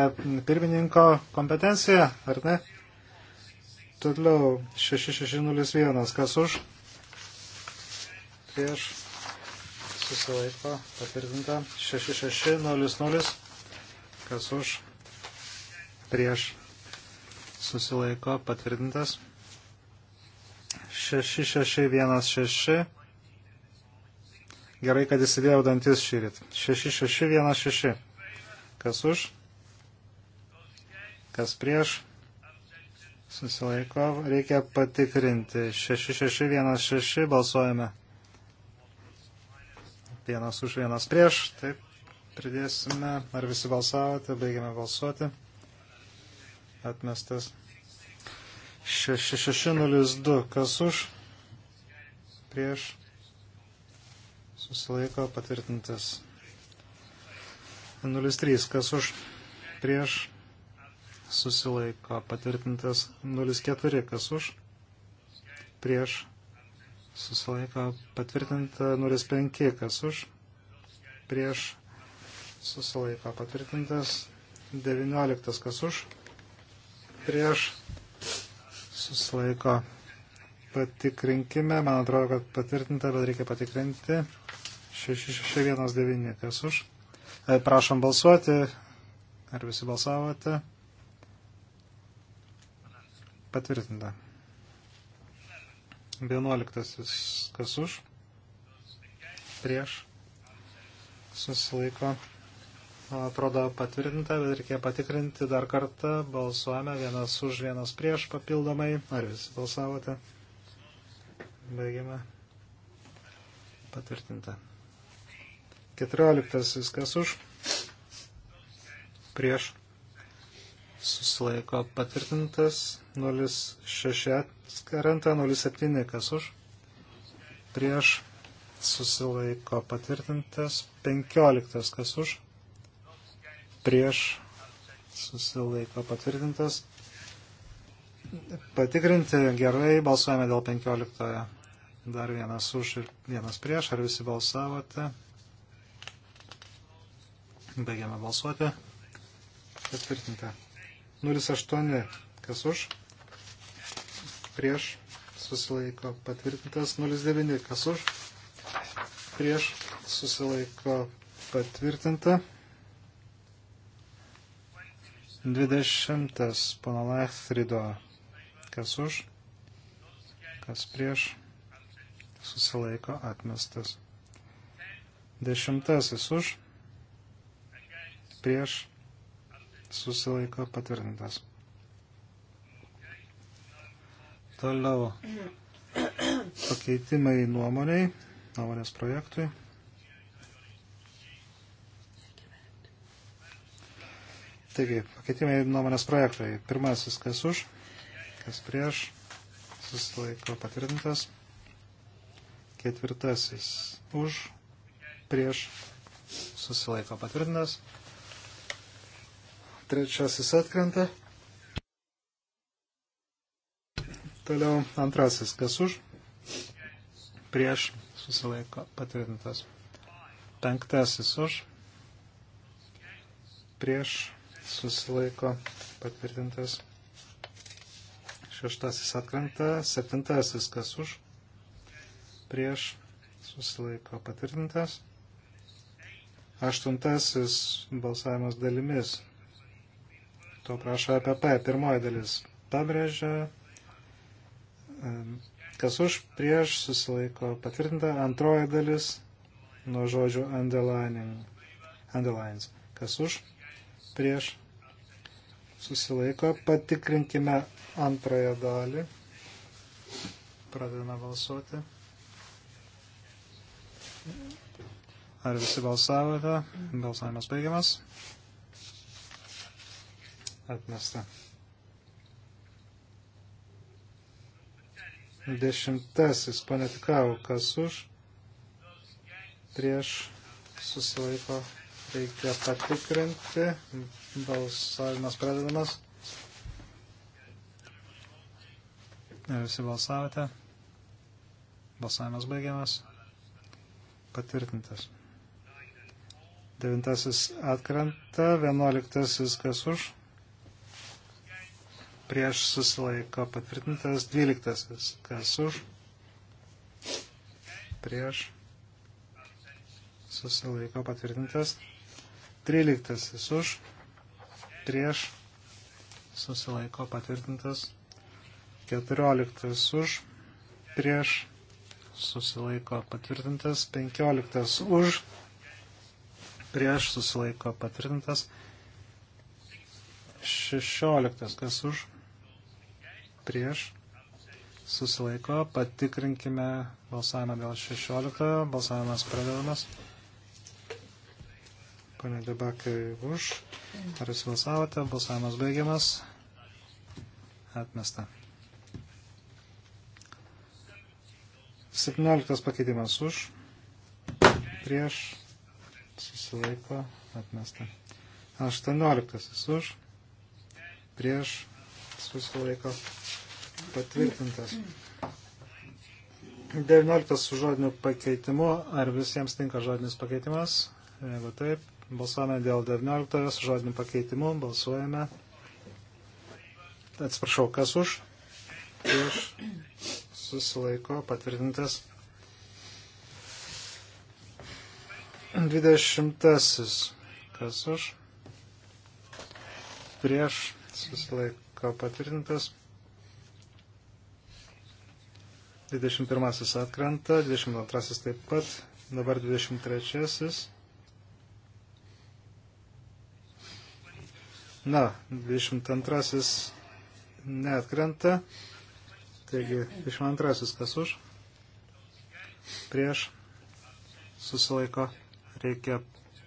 pirmininko kompetenciją, ar ne? Toliau 6601, kas už? Prieš susilaiko, patvirtinta. 6600, kas už? Prieš susilaiko, patvirtintas. 6616. Gerai, kad įsidėjau dantis šį rytą. 6616. Kas už? Kas prieš? Susilaiko. Reikia patikrinti. 6616 balsuojame. Vienas už, vienas prieš. Taip. Pridėsime. Ar visi balsavote? Baigiame balsuoti. Atmestas. 6602. Kas už? Prieš. Susilaiko patvirtintas. 03, kas už prieš susilaiko patvirtintas 04, kas už prieš susilaiko patvirtinta 05, kas už prieš susilaiko patvirtintas 19, kas už prieš susilaiko patikrinkime, man atrodo, kad patvirtinta, bet reikia patikrinti 6619, kas už E, prašom balsuoti. Ar visi balsavote? Patvirtinta. 11. Kas už? Prieš. Susilaiko. Man atrodo patvirtinta, bet reikia patikrinti dar kartą. Balsuojame vienas už, vienas prieš papildomai. Ar visi balsavote? Baigiame. Patvirtinta. Keturioliktasis, kas už, prieš, susilaiko patvirtintas, 06 krenta, 07 kas už, prieš, susilaiko patvirtintas, 15 kas už, prieš, susilaiko patvirtintas. Patikrinti gerai, balsuojame dėl 15. Dar vienas už ir vienas prieš, ar visi balsavote? Baigiame balsuoti. Patvirtinta. 08. Kas už? Prieš. Susilaiko. Patvirtintas. 09. Kas už? Prieš. Susilaiko. Patvirtinta. 20. Pana Lechtrido. Kas už? Kas prieš? Susilaiko. Atmestas. Dešimtasis už prieš susilaiko patvirtintas. Toliau pakeitimai nuomoniai, nuomonės projektui. Taigi, pakeitimai nuomonės projektui. Pirmasis, kas už, kas prieš, susilaiko patvirtintas. Ketvirtasis, už, prieš, susilaiko patvirtintas trečiasis atkrenta. Toliau antrasis, kas už, prieš, susilaiko patvirtintas. Penktasis už, prieš, susilaiko patvirtintas. Šeštasis atkrenta, septintasis, kas už, prieš, susilaiko patvirtintas. Aštuntasis balsavimas dalimis. To prašo EPP. Pirmoji dalis pabrėžia, e, kas už prieš susilaiko patvirtinta. Antroji dalis nuo žodžių underlining. Underlines. Kas už prieš susilaiko. Patikrinkime antrąją dalį. Pradedame balsuoti. Ar visi balsavote? Balsavimas baigiamas atmesta. Dešimtasis, panetikau, kas už, prieš susilaiko reikia patikrinti. Balsavimas pradedamas. Ir visi balsavote. Balsavimas baigiamas. Patvirtintas. Devintasis atkrenta, vienuoliktasis kas už, prieš susilaiko patvirtintas 12. Kas už? Prieš susilaiko patvirtintas 13. Už prieš susilaiko patvirtintas 14. Už prieš susilaiko patvirtintas 15. Už prieš susilaiko patvirtintas 16. Kas už? prieš, susilaiko, patikrinkime balsavimą dėl 16, balsavimas pradedamas. Pane Debakai už. Ar jūs balsavote? Balsavimas baigiamas. Atmesta. 17 pakeitimas už. Prieš. Susilaiko. Atmesta. 18 už. Prieš. Susilaiko patvirtintas. 19 su žodiniu pakeitimu. Ar visiems tinka žodinis pakeitimas? Jeigu taip, balsuojame dėl 19 su žodiniu pakeitimu. Balsuojame. Atsiprašau, kas už? Prieš susilaiko patvirtintas. 20. Kas už? Prieš susilaiko patvirtintas. 21 atkrenta, 22 taip pat, dabar 23. Na, 22 neatkrenta, taigi 22 kas už, prieš, susilaiko, reikia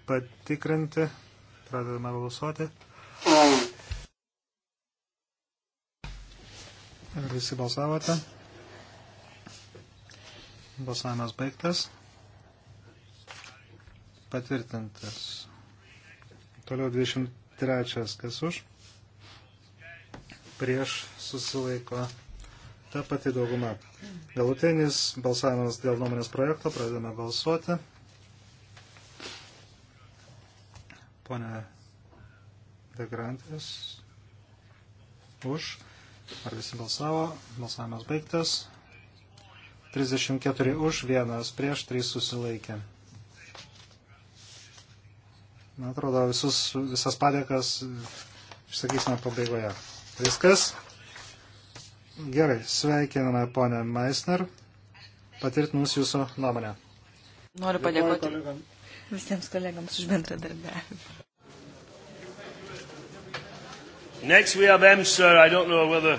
patikrinti, pradedame balsuoti. Ar visi balsavote? Balsavimas baigtas. Patvirtintas. Toliau 23. Kas už? Prieš susilaiko ta pati dauguma. Galutinis balsavimas dėl nuomonės projekto. Pradedame balsuoti. Pone Degrantės. Už. Ar visi balsavo? Balsavimas baigtas. 34 už, vienas prieš, trys susilaikė. Man atrodo, visus, visas padėkas išsakysime pabaigoje. Viskas. Gerai, sveikiname ponę Meisner, patvirtinus jūsų nuomonę. Noriu padėkoti kolegam. visiems kolegams už bendradarbiavimą. Next we have M, sir. I don't know whether.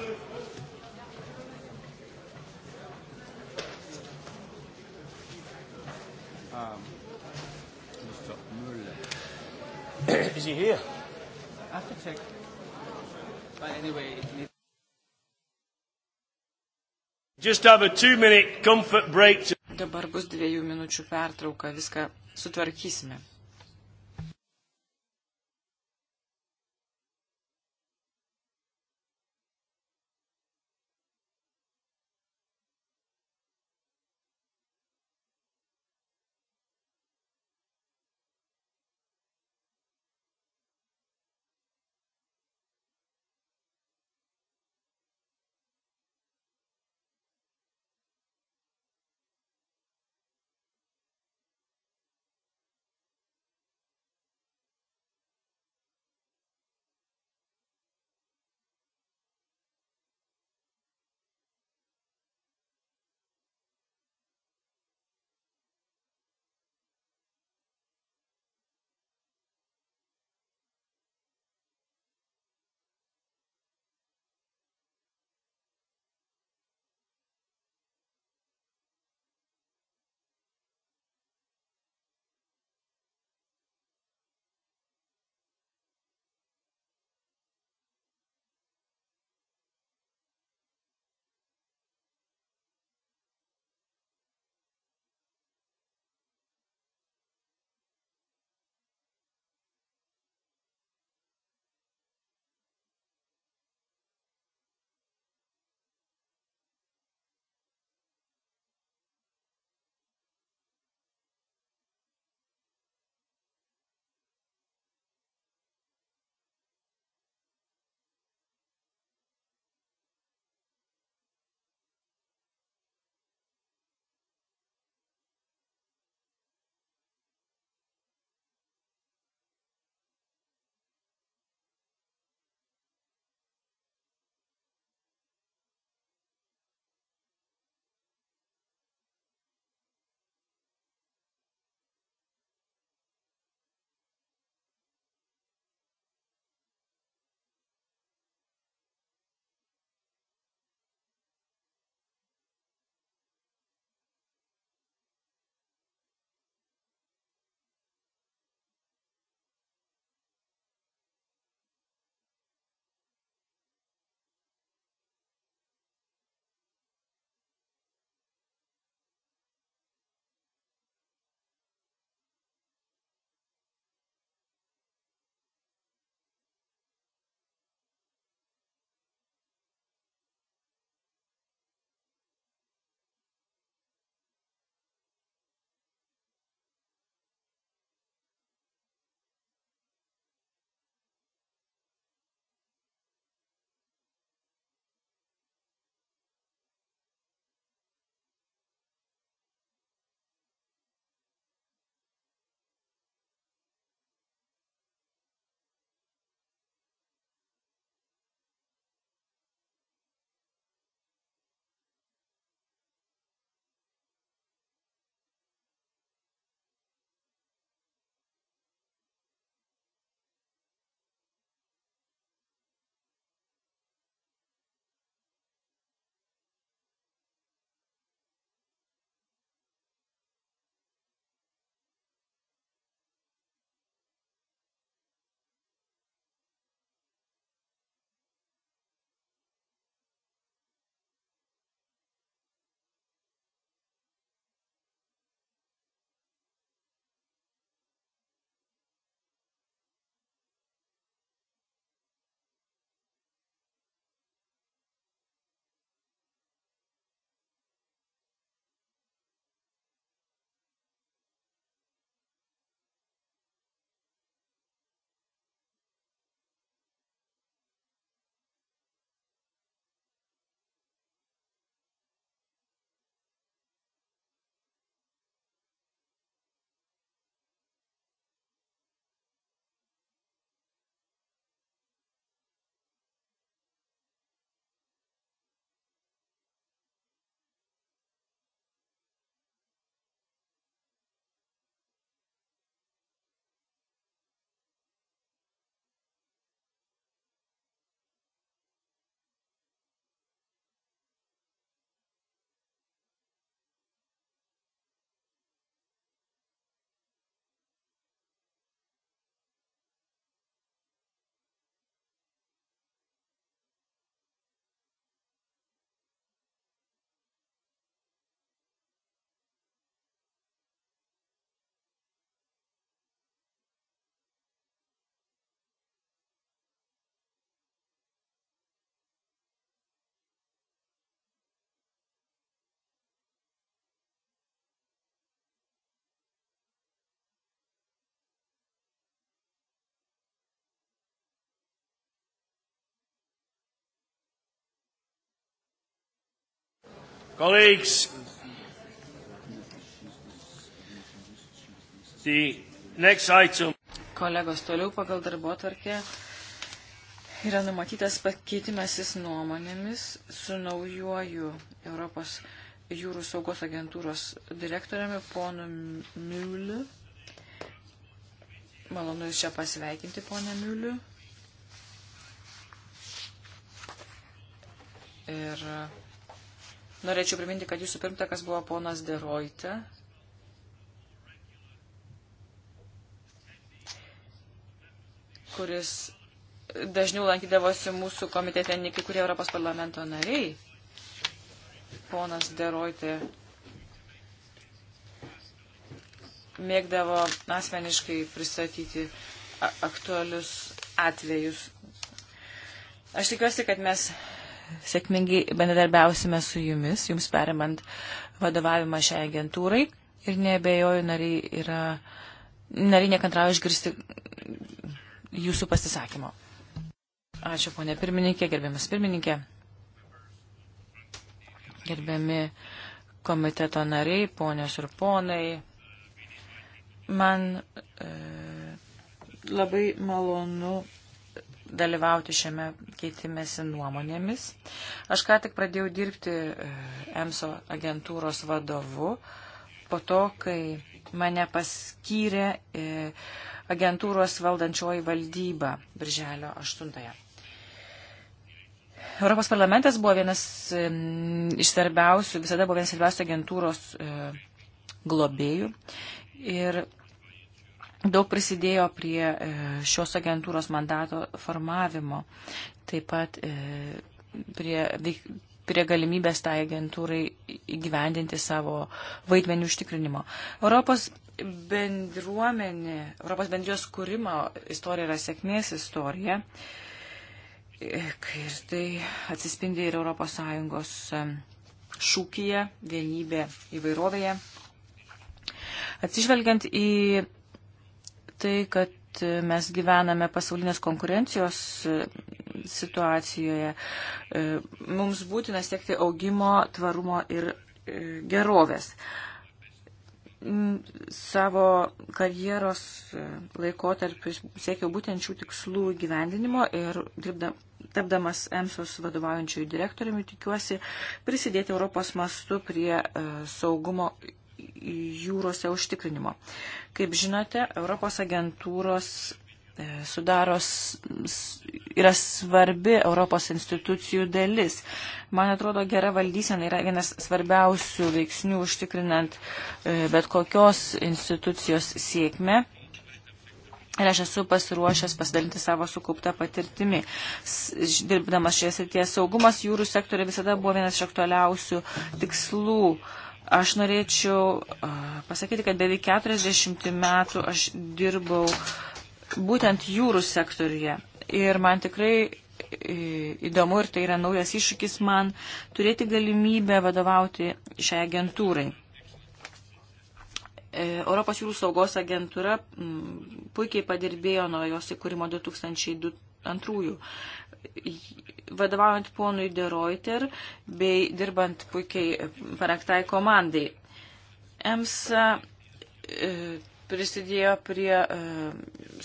he here? I have to check. But anyway, it needs Just have a two minute comfort break. To... Dabar bus dviejų minučių pertrauka, viską sutvarkysime. Colleagues, the next item. Kolegos, toliau pagal darbo tvarkę yra numatytas pakeitimasis nuomonėmis su naujuoju Europos jūrų saugos agentūros direktoriumi ponu Miuliu. Malonu Jūs čia pasveikinti, ponė Miuliu. Ir Norėčiau priminti, kad jūsų pirmtakas buvo ponas Deroite. kuris dažniau lankydavosi mūsų komitete nei kai kurie Europos parlamento nariai. Ponas Deroitė mėgdavo asmeniškai pristatyti aktualius atvejus. Aš tikiuosi, kad mes sėkmingai bendradarbiausime su jumis, jums perimant vadovavimą šiai agentūrai ir nebejoju, nariai yra, nariai nekantrauja išgirsti jūsų pasisakymo. Ačiū, ponė pirmininkė, gerbiamas pirmininkė, gerbiami komiteto nariai, ponios ir ponai. Man e, labai malonu dalyvauti šiame keitimėsi nuomonėmis. Aš ką tik pradėjau dirbti e, EMSO agentūros vadovu, po to, kai mane paskyrė e, agentūros valdančioji valdyba birželio 8-ąją. Europos parlamentas buvo vienas e, iš svarbiausių, visada buvo vienas svarbiausių agentūros globėjų ir daug prisidėjo prie e, šios agentūros mandato formavimo, taip pat e, prie, prie galimybės tai agentūrai įgyvendinti savo vaidmenių užtikrinimo. Europos bendruomenė, Europos bendrijos kūrimo istorija yra sėkmės istorija. E, ir tai atsispindi ir ES šūkyje, vienybė įvairovėje. Atsižvelgiant į tai, kad mes gyvename pasaulinės konkurencijos e, situacijoje, e, mums būtina siekti augimo, tvarumo ir e, gerovės. Mm, savo karjeros laikotarpį siekiau būtent šių tikslų gyvendinimo ir dirbda, tapdamas EMSOS vadovaujančiųjų direktoriumi tikiuosi prisidėti Europos mastu prie saugumo jūrose užtikrinimo. Kaip žinote, Europos agentūros e, sudaros, yra svarbi Europos institucijų dalis. Man atrodo, gera valdysena yra vienas svarbiausių veiksnių užtikrinant e, bet kokios institucijos sėkmę. Ir aš esu pasiruošęs pasidalinti savo sukauptą patirtimi. Dirbdamas šioje srityje saugumas jūrų sektoriuje visada buvo vienas iš aktualiausių tikslų Aš norėčiau pasakyti, kad beveik 40 metų aš dirbau būtent jūrų sektoriuje. Ir man tikrai įdomu ir tai yra naujas iššūkis man turėti galimybę vadovauti šiai agentūrai. E, Europos jūrų saugos agentūra puikiai padirbėjo nuo jos įkūrimo 2002 vadovaujant ponui De Reuter bei dirbant puikiai parengtai komandai. EMSA e, prisidėjo prie e,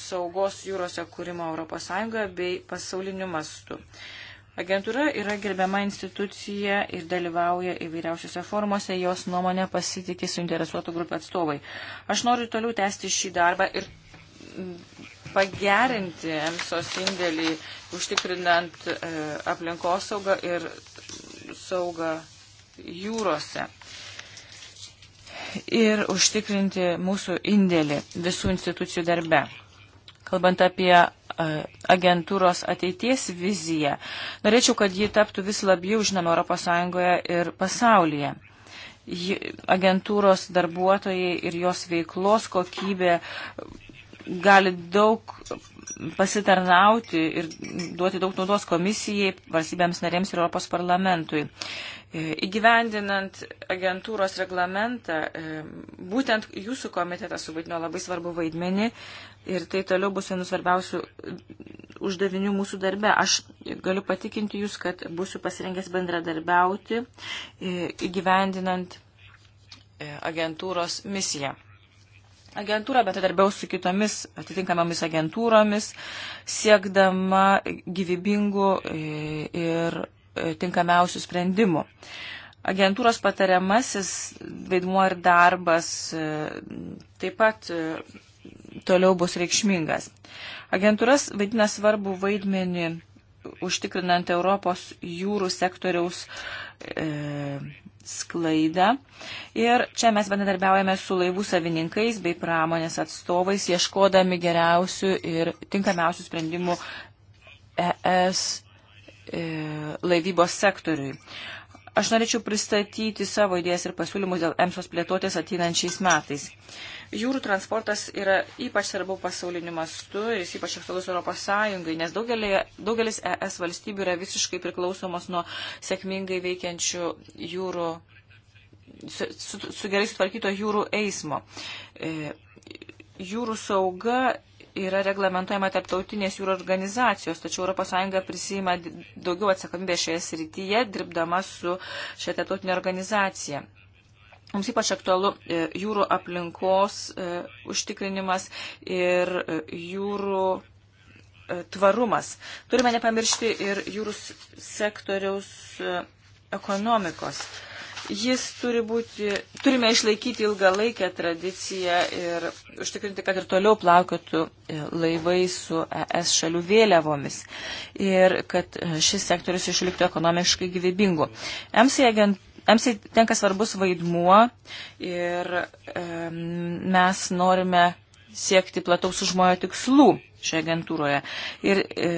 saugos jūrose kūrimo ES bei pasauliniu mastu. Agentūra yra gerbiama institucija ir dalyvauja įvairiausiose formuose, jos nuomonė pasitikė suinteresuotų grupių atstovai. Aš noriu toliau tęsti šį darbą ir pagerinti EMSOS indėlį, užtikrinant e, aplinkosaugą ir saugą jūrose. Ir užtikrinti mūsų indėlį visų institucijų darbe. Kalbant apie e, agentūros ateities viziją, norėčiau, kad ji taptų vis labiau žinoma ES ir pasaulyje agentūros darbuotojai ir jos veiklos kokybė gali daug pasitarnauti ir duoti daug naudos komisijai, valstybėms narėms ir Europos parlamentui. E, įgyvendinant agentūros reglamentą, e, būtent jūsų komitetas suvaidino labai svarbu vaidmenį ir tai toliau bus vienas svarbiausių uždavinių mūsų darbe. Aš galiu patikinti jūs, kad būsiu pasirengęs bendradarbiauti e, įgyvendinant agentūros misiją. Agentūra bendradarbiaus su kitomis atitinkamomis agentūromis, siekdama gyvybingų e, ir e, tinkamiausių sprendimų. Agentūros patariamasis vaidmuo ir darbas e, taip pat toliau bus reikšmingas. Agentūras vaidina svarbu vaidmenį užtikrinant Europos jūrų sektoriaus e, sklaidą. Ir čia mes bendradarbiaujame su laivų savininkais bei pramonės atstovais, ieškodami geriausių ir tinkamiausių sprendimų ES e, laivybos sektoriui. Aš norėčiau pristatyti savo idėjas ir pasiūlymus dėl EMSOS plėtotės ateinančiais metais. Jūrų transportas yra ypač svarbu pasauliniu mastu ir jis ypač aktualus Europos Sąjungai, nes daugelį, daugelis ES valstybių yra visiškai priklausomos nuo sėkmingai veikiančių jūrų, su, su, su gerai sutvarkyto jūrų eismo. E, jūrų sauga yra reglamentojama tarptautinės jūrų organizacijos, tačiau ES prisima daugiau atsakomybės šioje srityje, dirbdama su šia tarptautinė organizacija. Mums ypač aktualu e, jūrų aplinkos e, užtikrinimas ir e, jūrų tvarumas. Turime nepamiršti ir jūrų sektoriaus ekonomikos. Jis turi būti, turime išlaikyti ilgalaikę tradiciją ir užtikrinti, kad ir toliau plaukiotų laivai su ES šalių vėliavomis ir kad šis sektorius išliktų ekonomiškai gyvybingu. MC agent, EMSI tenka svarbus vaidmuo ir e, mes norime siekti plataus užmojo tikslų šioje agentūroje. Ir e,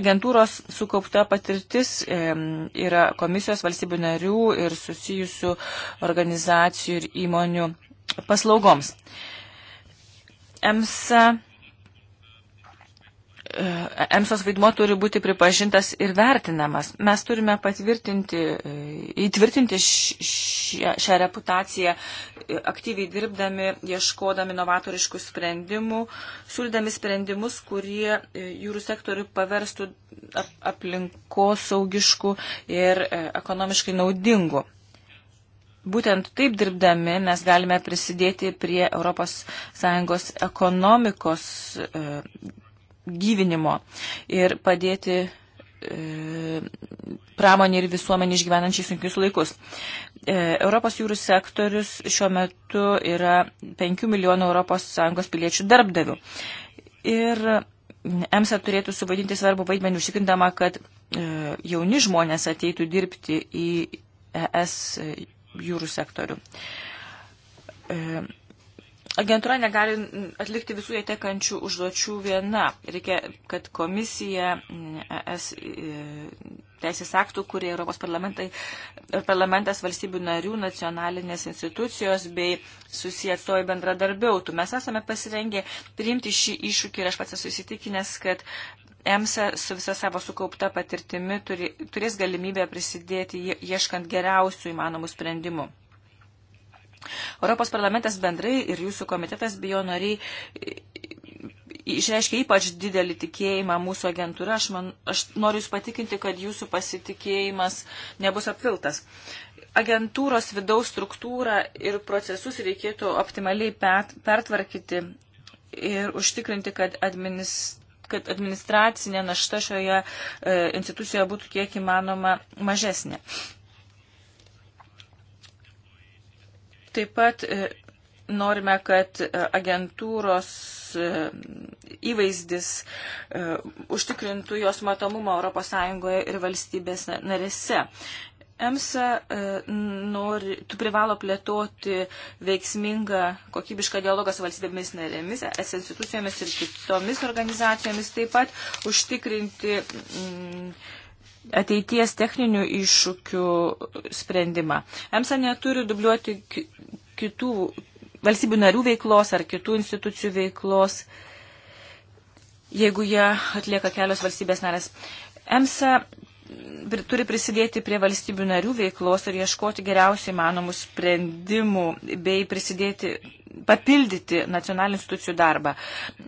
agentūros sukaupta patirtis e, yra komisijos valstybių narių ir susijusių organizacijų ir įmonių paslaugoms. EMSA E, EMSOS vaidmo turi būti pripažintas ir vertinamas. Mes turime patvirtinti, e, įtvirtinti šią, šią reputaciją, e, aktyviai dirbdami, ieškodami novatoriškų sprendimų, siūlydami sprendimus, kurie jūrų sektorių paverstų aplinkos saugiškų ir ekonomiškai naudingų. Būtent taip dirbdami mes galime prisidėti prie ES ekonomikos gyvinimo ir padėti e, pramonį ir visuomenį išgyvenančiai sunkius laikus. E, Europos jūrų sektorius šiuo metu yra 5 milijonų ES piliečių darbdavių. Ir EMSA turėtų suvaidinti svarbu vaidmenį užtikrindama, kad e, jauni žmonės ateitų dirbti į ES jūrų sektorių. E, agentūra negali atlikti visų jai tekančių užduočių viena. Reikia, kad komisija, es, e, teisės aktų, kurie Europos parlamentas valstybių narių, nacionalinės institucijos bei susijęstojai bendradarbiautų. Mes esame pasirengę priimti šį iššūkį ir aš pats esu įsitikinęs, kad EMSA su visa savo sukaupta patirtimi turi, turės galimybę prisidėti ieškant geriausių įmanomų sprendimų. Europos parlamentas bendrai ir jūsų komitetas bijo nariai išreiškia ypač didelį tikėjimą mūsų agentūra. Aš, man, aš noriu Jūs patikinti, kad Jūsų pasitikėjimas nebus apviltas. Agentūros vidaus struktūrą ir procesus reikėtų optimaliai pet, pertvarkyti ir užtikrinti, kad, administ, kad administracinė našta šioje e, institucijoje būtų kiek įmanoma mažesnė. E, Taip pat e, norime, kad e, agentūros e, įvaizdis užtikrintų jos matomumą ES ir valstybės narėse. EMSA nori, tu privalo plėtoti veiksmingą, kokybišką dialogą su valstybėmis narėmis, es institucijomis ir kitomis organizacijomis, taip pat užtikrinti. Mm, ateities techninių iššūkių sprendimą. EMSA neturi dubliuoti kitų valstybių narių veiklos ar kitų institucijų veiklos, jeigu jie atlieka kelios valstybės narės. EMSA turi prisidėti prie valstybių narių veiklos ir ieškoti geriausiai manomų sprendimų bei prisidėti papildyti nacionalinių institucijų darbą.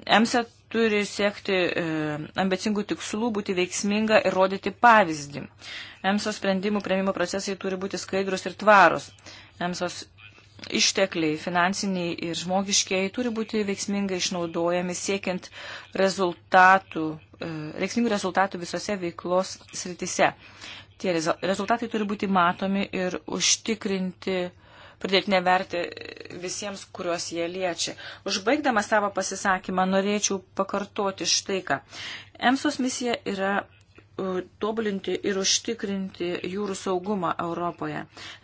EMSA turi siekti e, ambicingų tikslų, būti veiksminga ir rodyti pavyzdį. EMSO sprendimų prieimimo procesai turi būti skaidrus ir tvarus. EMSOS ištekliai, finansiniai ir žmogiškiai turi būti veiksmingai išnaudojami siekiant rezultatų, e, veiksmingų rezultatų visose veiklos sritise. Tie rezultatai turi būti matomi ir užtikrinti pridėtinė vertė visiems, kuriuos jie liečia. Užbaigdama savo pasisakymą norėčiau pakartoti štai ką. EMSOS misija yra tobulinti ir užtikrinti jūrų saugumą Europoje.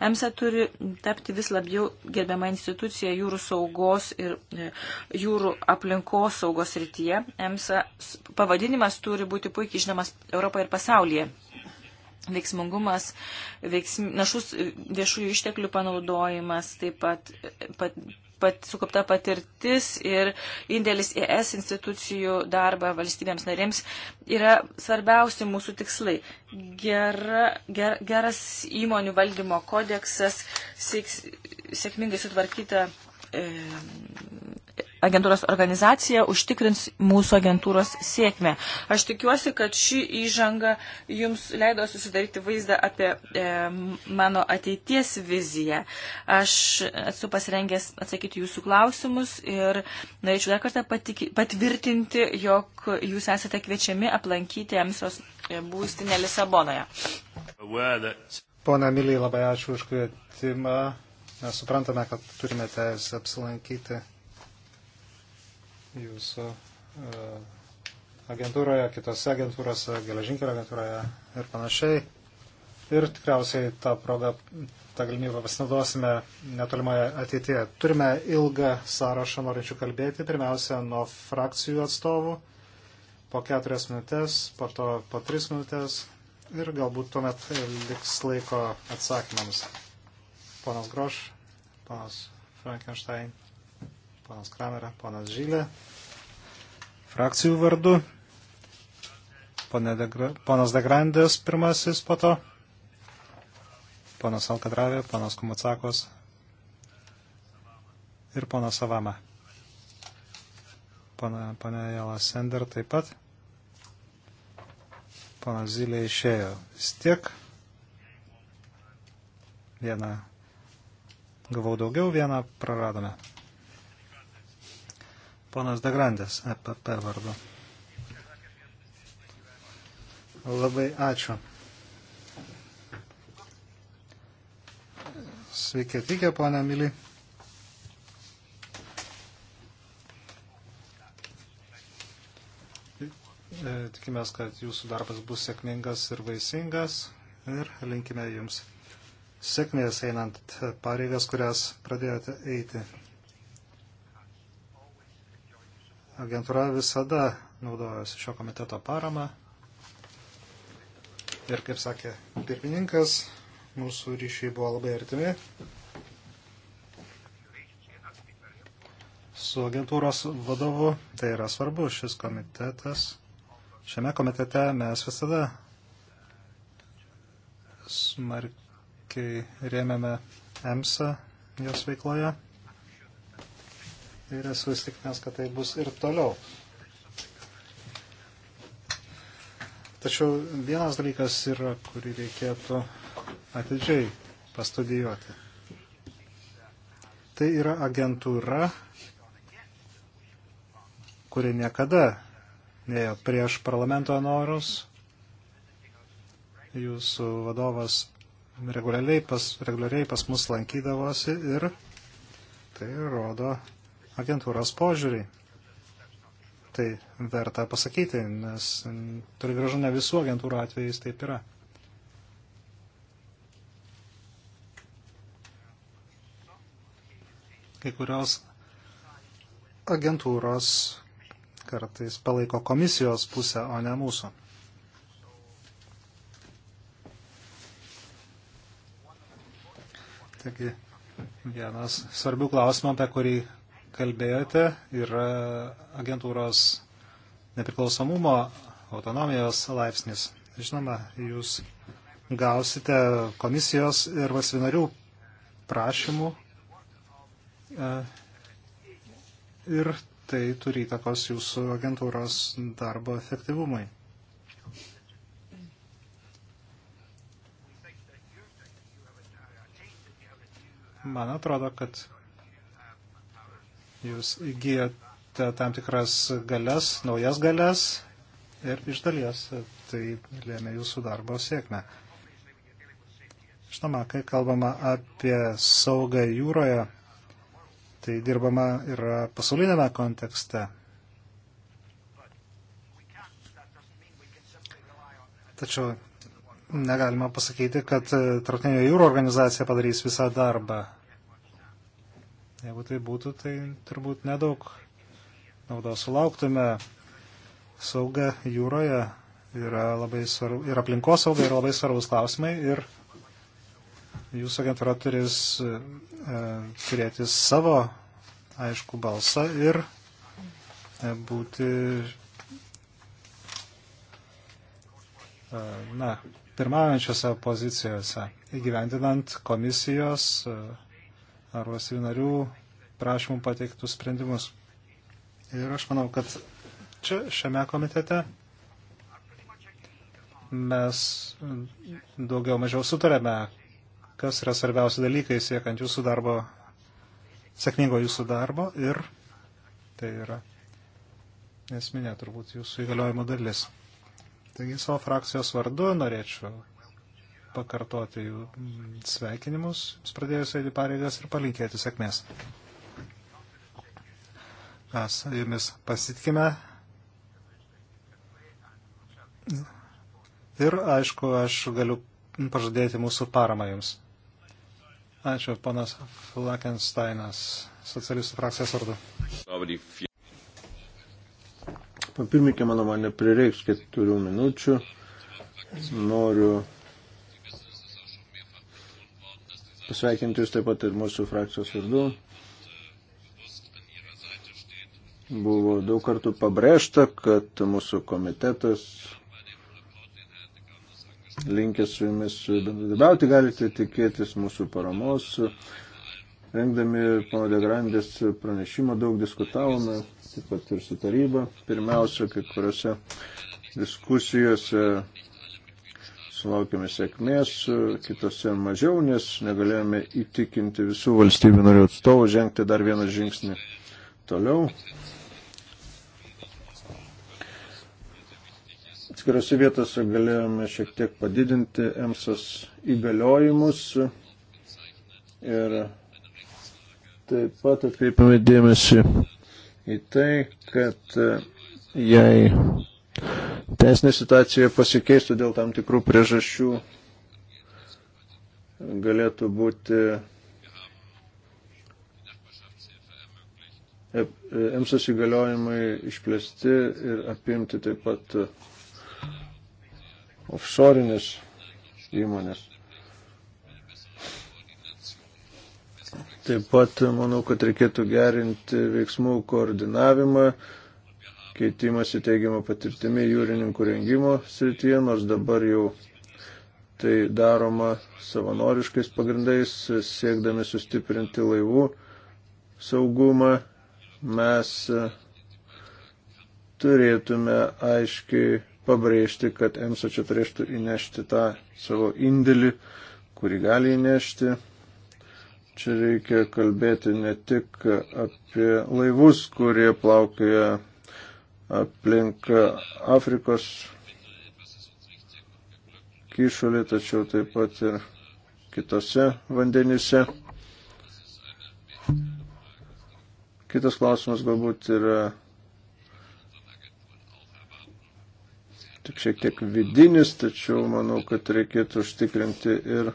EMSA turi tapti vis labiau gerbiama institucija jūrų saugos ir e, jūrų aplinkos saugos rytyje. EMSA pavadinimas turi būti puikiai žinomas Europoje ir pasaulyje veiksmingumas, veiksm, našus viešųjų išteklių panaudojimas, taip pat, pat, pat sukaupta patirtis ir indėlis į ES institucijų darbą valstybėms narėms yra svarbiausi mūsų tikslai. Gera, ger, geras įmonių valdymo kodeksas, sėks, sėkmingai sutvarkyta e, agentūros organizacija užtikrins mūsų agentūros sėkmę. Aš tikiuosi, kad ši įžanga jums leido susidaryti vaizdą apie e, mano ateities viziją. Aš esu pasirengęs atsakyti jūsų klausimus ir norėčiau dar kartą patiki, patvirtinti, jog jūs esate kviečiami aplankyti Emsos e, būstinę Lisabonoje. Pone Emilijai, labai ačiū už kvietimą. Mes suprantame, kad turime teisę apsilankyti jūsų e, agentūroje, kitose agentūrose, geležinkelio agentūroje ir panašiai. Ir tikriausiai tą progą, tą galimybę pasinaudosime netolimoje ateityje. Turime ilgą sąrašą norinčių kalbėti, pirmiausia, nuo frakcijų atstovų, po keturias minutės, po to po tris minutės ir galbūt tuomet liks laiko atsakymams. Ponas Groš, ponas Frankenstein ponas Kramerą, ponas Žylė, frakcijų vardu, de, ponas Degrandės pirmasis po to, ponas Alkadravė, ponas Kumacakos ir ponas Savama. Pana, pana Jela Sender taip pat. Pana Zylė išėjo vis tiek. Vieną gavau daugiau, vieną praradome. Ponas Degrandės, EPP vardu. Labai ačiū. Sveiki atvykę, ponia Mili. E, tikimės, kad jūsų darbas bus sėkmingas ir vaisingas ir linkime jums sėkmės einant pareigas, kurias pradėjote eiti. Agentūra visada naudojasi šio komiteto paramą. Ir kaip sakė pirmininkas, mūsų ryšiai buvo labai artimi. Su agentūros vadovu tai yra svarbu šis komitetas. Šiame komitete mes visada smarkiai rėmėme EMSA jos veikloje ir esu įstikinęs, kad tai bus ir toliau. Tačiau vienas dalykas yra, kurį reikėtų atidžiai pastudijuoti. Tai yra agentūra, kuri niekada nėjo prieš parlamento norus. Jūsų vadovas reguliariai pas, reguliariai pas mus lankydavosi ir tai rodo agentūros požiūrį. Tai verta pasakyti, nes turi gražu ne visų agentūrų atvejais taip yra. Kai kurios agentūros kartais palaiko komisijos pusę, o ne mūsų. Taigi vienas svarbių klausimų, apie kurį kalbėjote, yra agentūros nepriklausomumo autonomijos laipsnis. Žinoma, jūs gausite komisijos ir valstybinarių prašymų e, ir tai turi įtakos jūsų agentūros darbo efektyvumui. Man atrodo, kad Jūs įgyjate tam tikras galias, naujas galias ir iš dalies tai lėmė jūsų darbo sėkmę. Žinoma, kai kalbama apie saugą jūroje, tai dirbama yra pasaulinėme kontekste. Tačiau negalima pasakyti, kad Tartinio jūro organizacija padarys visą darbą. Jeigu tai būtų, tai turbūt nedaug naudos sulauktume. Sauga jūroje yra labai svarbu, ir aplinkos sauga yra labai svarbus klausimai ir jūsų agentūra turės e, turėti savo aišku balsą ir e, būti, e, na, pirmaujančiose pozicijose, įgyvendinant komisijos. E, ar valstybių narių prašymų pateiktus sprendimus. Ir aš manau, kad čia šiame komitete mes daugiau mažiau sutarėme, kas yra svarbiausi dalykai siekant jūsų darbo, sėkmingo jūsų darbo ir tai yra esminė turbūt jūsų įgaliojimo dalis. Taigi savo frakcijos vardu norėčiau pakartoti jų sveikinimus, pradėjus eiti pareigas ir palinkėti sėkmės. Mes jumis pasitikime. Ir, aišku, aš galiu pažadėti mūsų paramą jums. Ačiū, ponas Flakensteinas, socialistų frakcijos vardu. Pirmininkė, mano man neprireiks keturių minučių. Noriu pasveikinti jūs taip pat ir mūsų frakcijos vardu. Buvo daug kartų pabrėžta, kad mūsų komitetas linkęs su jumis bendradabiauti, galite tikėtis mūsų paramos. Rengdami pono Degrandės pranešimą daug diskutavome, taip pat ir su taryba. Pirmiausia, kai kuriuose diskusijose sulaukėme sėkmės, kitose mažiau, nes negalėjome įtikinti visų valstybių narių atstovų žengti dar vieną žingsnį toliau. Atskirose vietose galėjome šiek tiek padidinti EMSAS įgaliojimus ir taip pat atkreipiame dėmesį į tai, kad jei teisinė situacija pasikeistų dėl tam tikrų priežasčių, galėtų būti EMSOS įgaliojimai išplėsti ir apimti taip pat offshore'inės įmonės. Taip pat manau, kad reikėtų gerinti veiksmų koordinavimą, keitimąsi teigiamą patirtimį jūrininkų rengimo srityje, nors dabar jau tai daroma savanoriškais pagrindais, siekdami sustiprinti laivų saugumą. Mes e, turėtume aiškiai pabrėžti, kad EMSA čia turėtų įnešti tą savo indėlį, kurį gali įnešti. Čia reikia kalbėti ne tik apie laivus, kurie plaukioja aplink Afrikos kyšulį, tačiau taip pat ir kitose vandenyse. Kitas klausimas galbūt yra tik šiek tiek vidinis, tačiau manau, kad reikėtų užtikrinti ir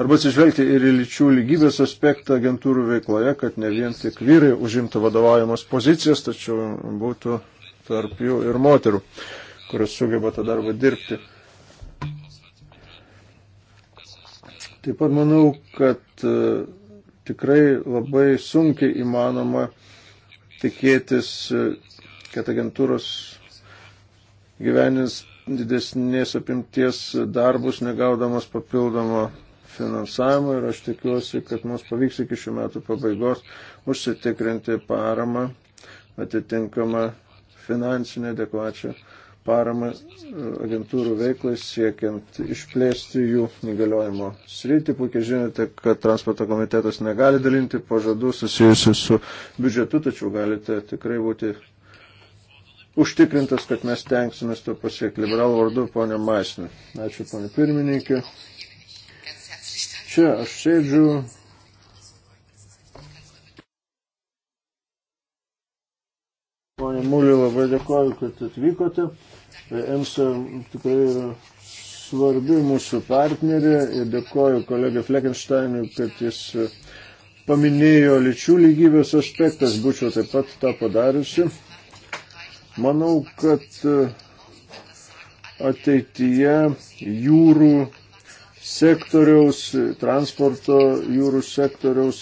arba atsižvelgti ir į lyčių lygybės aspektą agentūrų veikloje, kad ne vien tik vyrai užimtų vadovaujamas pozicijas, tačiau būtų tarp jų ir moterų, kurios sugeba tą darbą dirbti. Taip pat manau, kad e, tikrai labai sunkiai įmanoma tikėtis, e, kad agentūros gyvenins didesnės apimties darbus, negaudamas papildomo finansavimo ir aš tikiuosi, kad mums pavyks iki šių metų pabaigos užsitikrinti paramą atitinkamą finansinę adekvačią paramą e, agentūrų veiklai siekiant išplėsti jų įgaliojimo sritį. Puikiai žinote, kad transporto komitetas negali dalinti pažadų susijusių su biudžetu, tačiau galite tikrai būti užtikrintas, kad mes tenksime to pasiekti. Liberalų vardu, ponė Maisnė. Ačiū, ponė pirmininkė. Čia aš sėdžiu Mūlį labai dėkoju, kad atvykote. E, EMSA tikrai yra svarbi mūsų partnerė ir dėkoju kolegai Fleckensteinui, kad jis e, paminėjo lyčių lygybės aspektas, būčiau taip pat tą padariusi. Manau, kad e, ateityje jūrų sektoriaus, transporto jūrų sektoriaus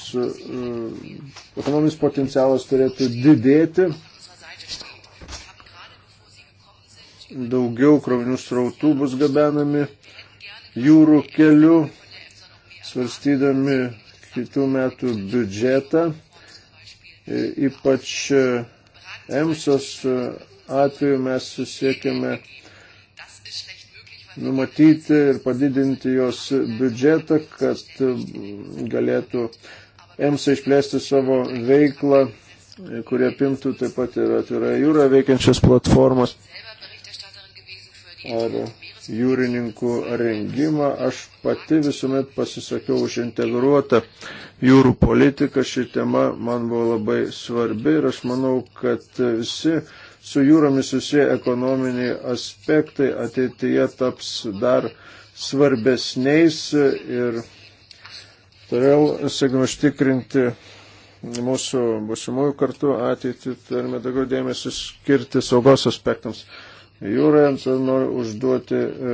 ekonominis potencialas turėtų didėti daugiau krovinių srautų bus gabenami jūrų keliu, svarstydami kitų metų biudžetą, e, ypač e, EMSOS e, atveju mes susiekime numatyti ir padidinti jos biudžetą, kad galėtų EMSA išplėsti savo veiklą, kurie apimtų taip pat ir atvirą jūrą veikiančias platformas ar jūrininkų rengimą. Aš pati visuomet pasisakiau už integruotą jūrų politiką. Ši tema man buvo labai svarbi ir aš manau, kad visi su jūromis susiję ekonominiai aspektai ateityje taps dar svarbesniais ir todėl siekime užtikrinti mūsų būsimųjų kartų ateitį turime daugiau dėmesio skirti saugos aspektams. Jūrens noriu užduoti e,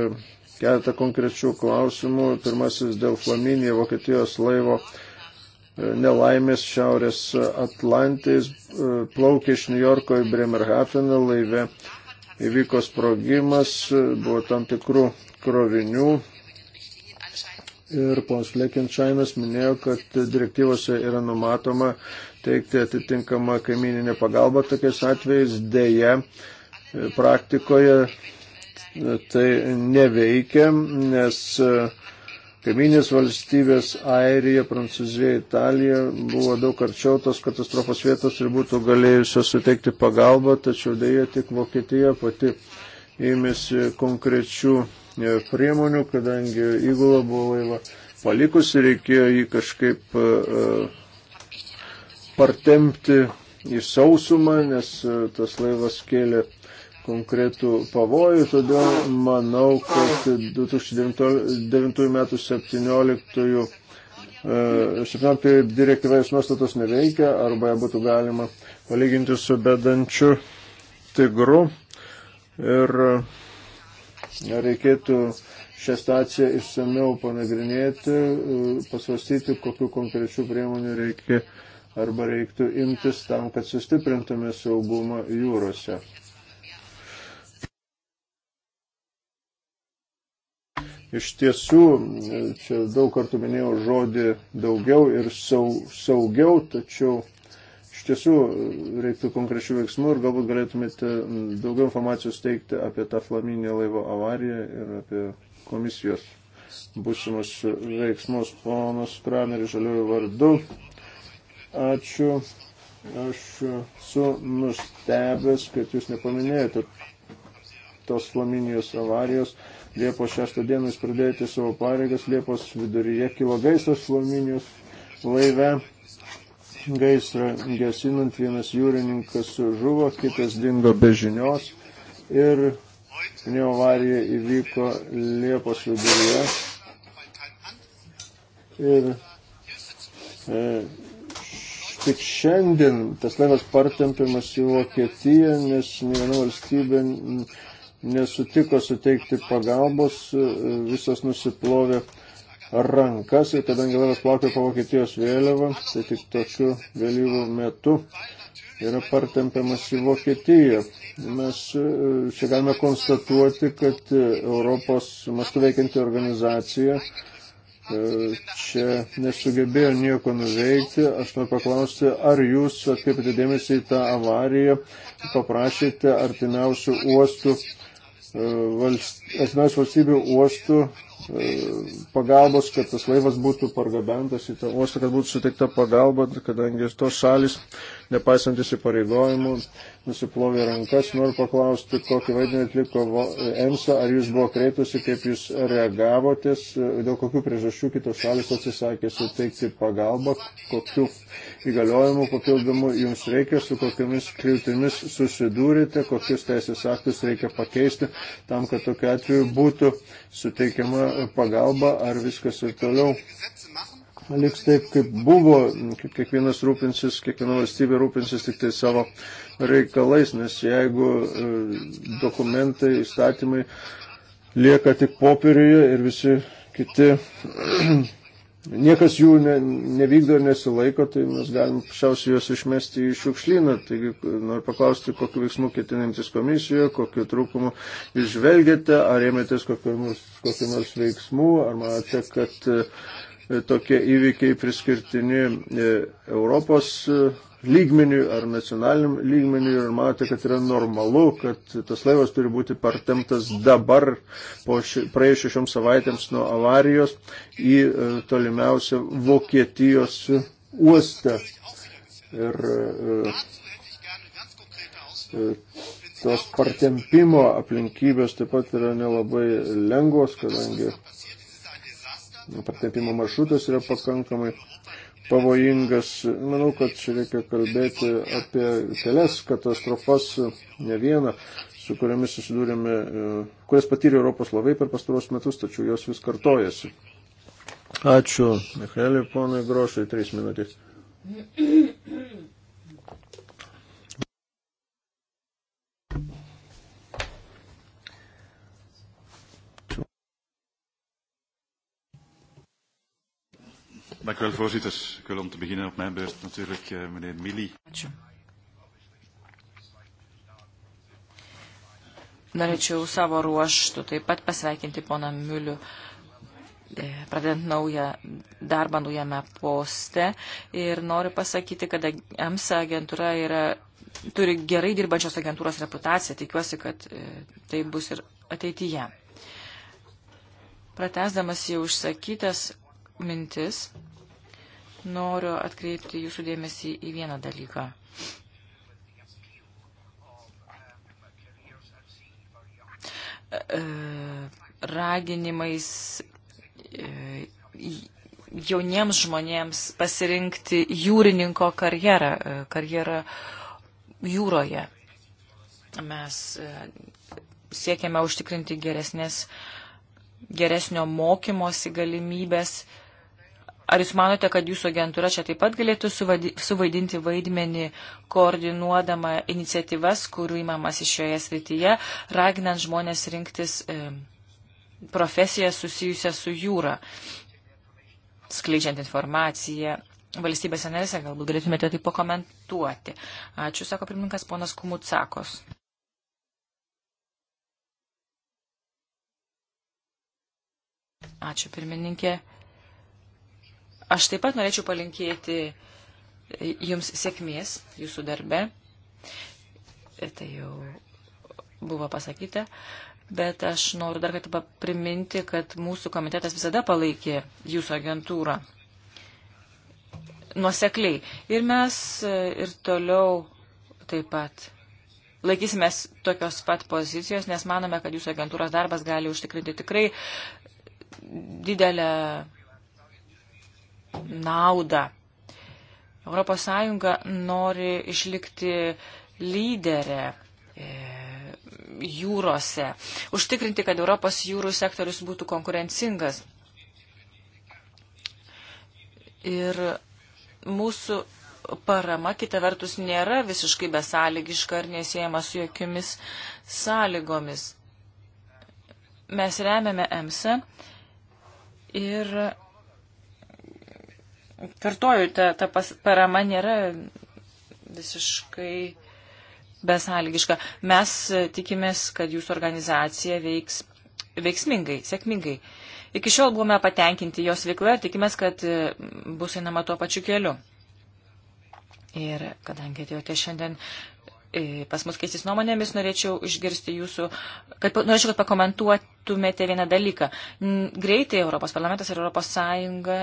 keletą konkrečių klausimų. Pirmasis dėl Flaminė Vokietijos laivo e, nelaimės Šiaurės Atlantijais e, plaukė iš New Yorko į Bremerhaveną laive. Įvyko sprogimas, buvo tam tikrų krovinių, Ir ponas Fleckensteinas minėjo, kad direktyvose yra numatoma teikti atitinkamą kaimininę pagalbą tokiais atvejais. Deja, praktikoje tai neveikia, nes e, kaiminės valstybės Airija, Prancūzija, Italija buvo daug arčiau tos katastrofos vietos ir būtų galėjusios suteikti pagalbą, tačiau dėja tik Vokietija pati ėmėsi konkrečių e, priemonių, kadangi įgula buvo laiva palikusi, reikėjo jį kažkaip e, partemti į sausumą, nes tas laivas kėlė konkretų pavojų, todėl manau, kad 2009 metų 17 17 direktyvais nuostatos neveikia arba ją būtų galima palyginti su bedančiu tigru ir e, reikėtų šią staciją išsameu panagrinėti, e, pasvastyti, kokiu konkrečiu priemonių reikia arba reiktų imtis tam, kad sustiprintume saugumą jūrose. Iš tiesų, čia daug kartų minėjau žodį daugiau ir saugiau, tačiau iš tiesų reiktų konkrečių veiksmų ir galbūt galėtumėte daugiau informacijos teikti apie tą flaminį laivo avariją ir apie komisijos būsimus veiksmus. Ponas Kramerį žaliųjų vardu. Ačiū. Aš su nustebęs, kad jūs nepaminėjote tos flaminijos avarijos Liepos 6 dieną jis pradėjote savo pareigas, Liepos viduryje kilo gaisras Flaminijos laive. Gaisrą gesinant vienas jūrininkas žuvo, kitas dingo be žinios ir neovarija įvyko Liepos viduryje. Ir e, tik šiandien tas laivas partempiamas į Vokietiją, nes ne viena valstybė nesutiko suteikti pagalbos, e, visas nusiplovė rankas ir kadangi laivas plaukė po Vokietijos vėliavą, tai tik tokiu vėlyvų metu yra partempiamas į Vokietiją. Mes e, čia galime konstatuoti, kad e, Europos mastu veikianti organizacija čia nesugebėjo nieko nuveikti. Aš noriu paklausti, ar jūs atkreipėte dėmesį į tą avariją, paprašėte artimiausių uostų valst, esmės valstybių uostų E, pagalbos, kad tas laivas būtų pargabentas į tą uostą, kad būtų suteikta pagalba, kadangi tos šalis, nepaisant įsipareigojimų, nusiplovė rankas. Noriu paklausti, kokį vaidmenį atliko EMSA, ar jūs buvo kreitusi, kaip jūs reagavotės, dėl kokių priežasčių kitos šalis atsisakė suteikti pagalbą, kokiu įgaliojimu papildomu jums reikia, su kokiamis kliūtimis susidūrite, kokius teisės aktus reikia pakeisti, tam, kad tokiu atveju būtų suteikiama pagalba, ar viskas ir toliau liks taip, kaip buvo, kaip kiekvienas rūpinsis, kiekviena valstybė rūpinsis tik tai savo reikalais, nes jeigu e, dokumentai, įstatymai lieka tik popieriuje ir visi kiti niekas jų ne, nevykdo ir nesilaiko, tai mes galim pašiausiai juos išmesti į šiukšlyną. Taigi noriu paklausti, kokiu veiksmu ketinantis komisijoje, kokiu trūkumu išvelgėte, ar ėmėtės kokiu nors, kokiu nors veiksmu, ar manote, kad e, tokie įvykiai priskirtini e, Europos e, lygmenių ar nacionaliniam lygmenių ir manote, kad yra normalu, kad tas laivas turi būti partemtas dabar, po ši, praėjus šešioms savaitėms nuo avarijos, į e, tolimiausią Vokietijos uostą. Ir e, e, tos partempimo aplinkybės taip pat yra nelabai lengvos, kadangi partempimo maršrutas yra pakankamai pavojingas. Manau, kad čia reikia kalbėti apie kelias katastrofas, ne vieną, su kuriamis susidūrėme, e, kurias patyrė Europos lavai per pastaros metus, tačiau jos vis kartojasi. Ačiū, Michaeliu, ponai Grošai, trys minutės. Dank u wel, voorzitter. Ik wil om te beginnen op mijn beurt natuurlijk uh, meneer Mili. Ačiū. Norėčiau savo ruoštų taip pat pasveikinti poną Milių, e, pradedant naują darbą naujame poste. Ir noriu pasakyti, kad EMSA agentūra yra, turi gerai dirbančios agentūros reputaciją. Tikiuosi, kad e, tai bus ir ateityje. Pratesdamas jau užsakytas mintis, noriu atkreipti jūsų dėmesį į vieną dalyką. E, raginimais e, jauniems žmonėms pasirinkti jūrininko karjerą, e, karjerą jūroje. Mes siekiame užtikrinti geresnės, geresnio mokymosi galimybės, Ar jūs manote, kad jūsų agentūra čia taip pat galėtų suvaidinti vaidmenį, koordinuodama iniciatyvas, kurių įmamasi šioje srityje, raginant žmonės rinktis e, profesiją susijusią su jūra, skleidžiant informaciją valstybėse narėse, galbūt galėtumėte tai pakomentuoti. Ačiū, sako pirmininkas ponas Kumutsakos. Ačiū, pirmininkė. Aš taip pat norėčiau palinkėti e, Jums sėkmės Jūsų darbe. E, tai jau buvo pasakyta. Bet aš noriu dar kartą priminti, kad mūsų komitetas visada palaikė Jūsų agentūrą nuosekliai. Ir mes e, ir toliau taip pat laikysimės tokios pat pozicijos, nes manome, kad jūsų agentūros darbas gali užtikrinti tikrai didelę naudą. ES nori išlikti lyderę e, jūrose, užtikrinti, kad Europos jūrų sektorius būtų konkurencingas. Ir mūsų parama, kita vertus, nėra visiškai besąlygiška ar nesėjama su jokiomis sąlygomis. Mes remiame EMSA ir Kartuoju, ta, ta pas, parama nėra visiškai besalgiška. Mes e, tikimės, kad jūsų organizacija veiks veiksmingai, sėkmingai. Iki šiol buvome patenkinti jos veikla ir tikimės, kad e, bus einama tuo pačiu keliu. Ir kadangi atėjote šiandien e, pas mus keistis nuomonėmis, norėčiau išgirsti jūsų, kad, norėčiau, kad pakomentuotumėte vieną dalyką. Greitai Europos parlamentas ir Europos Sąjunga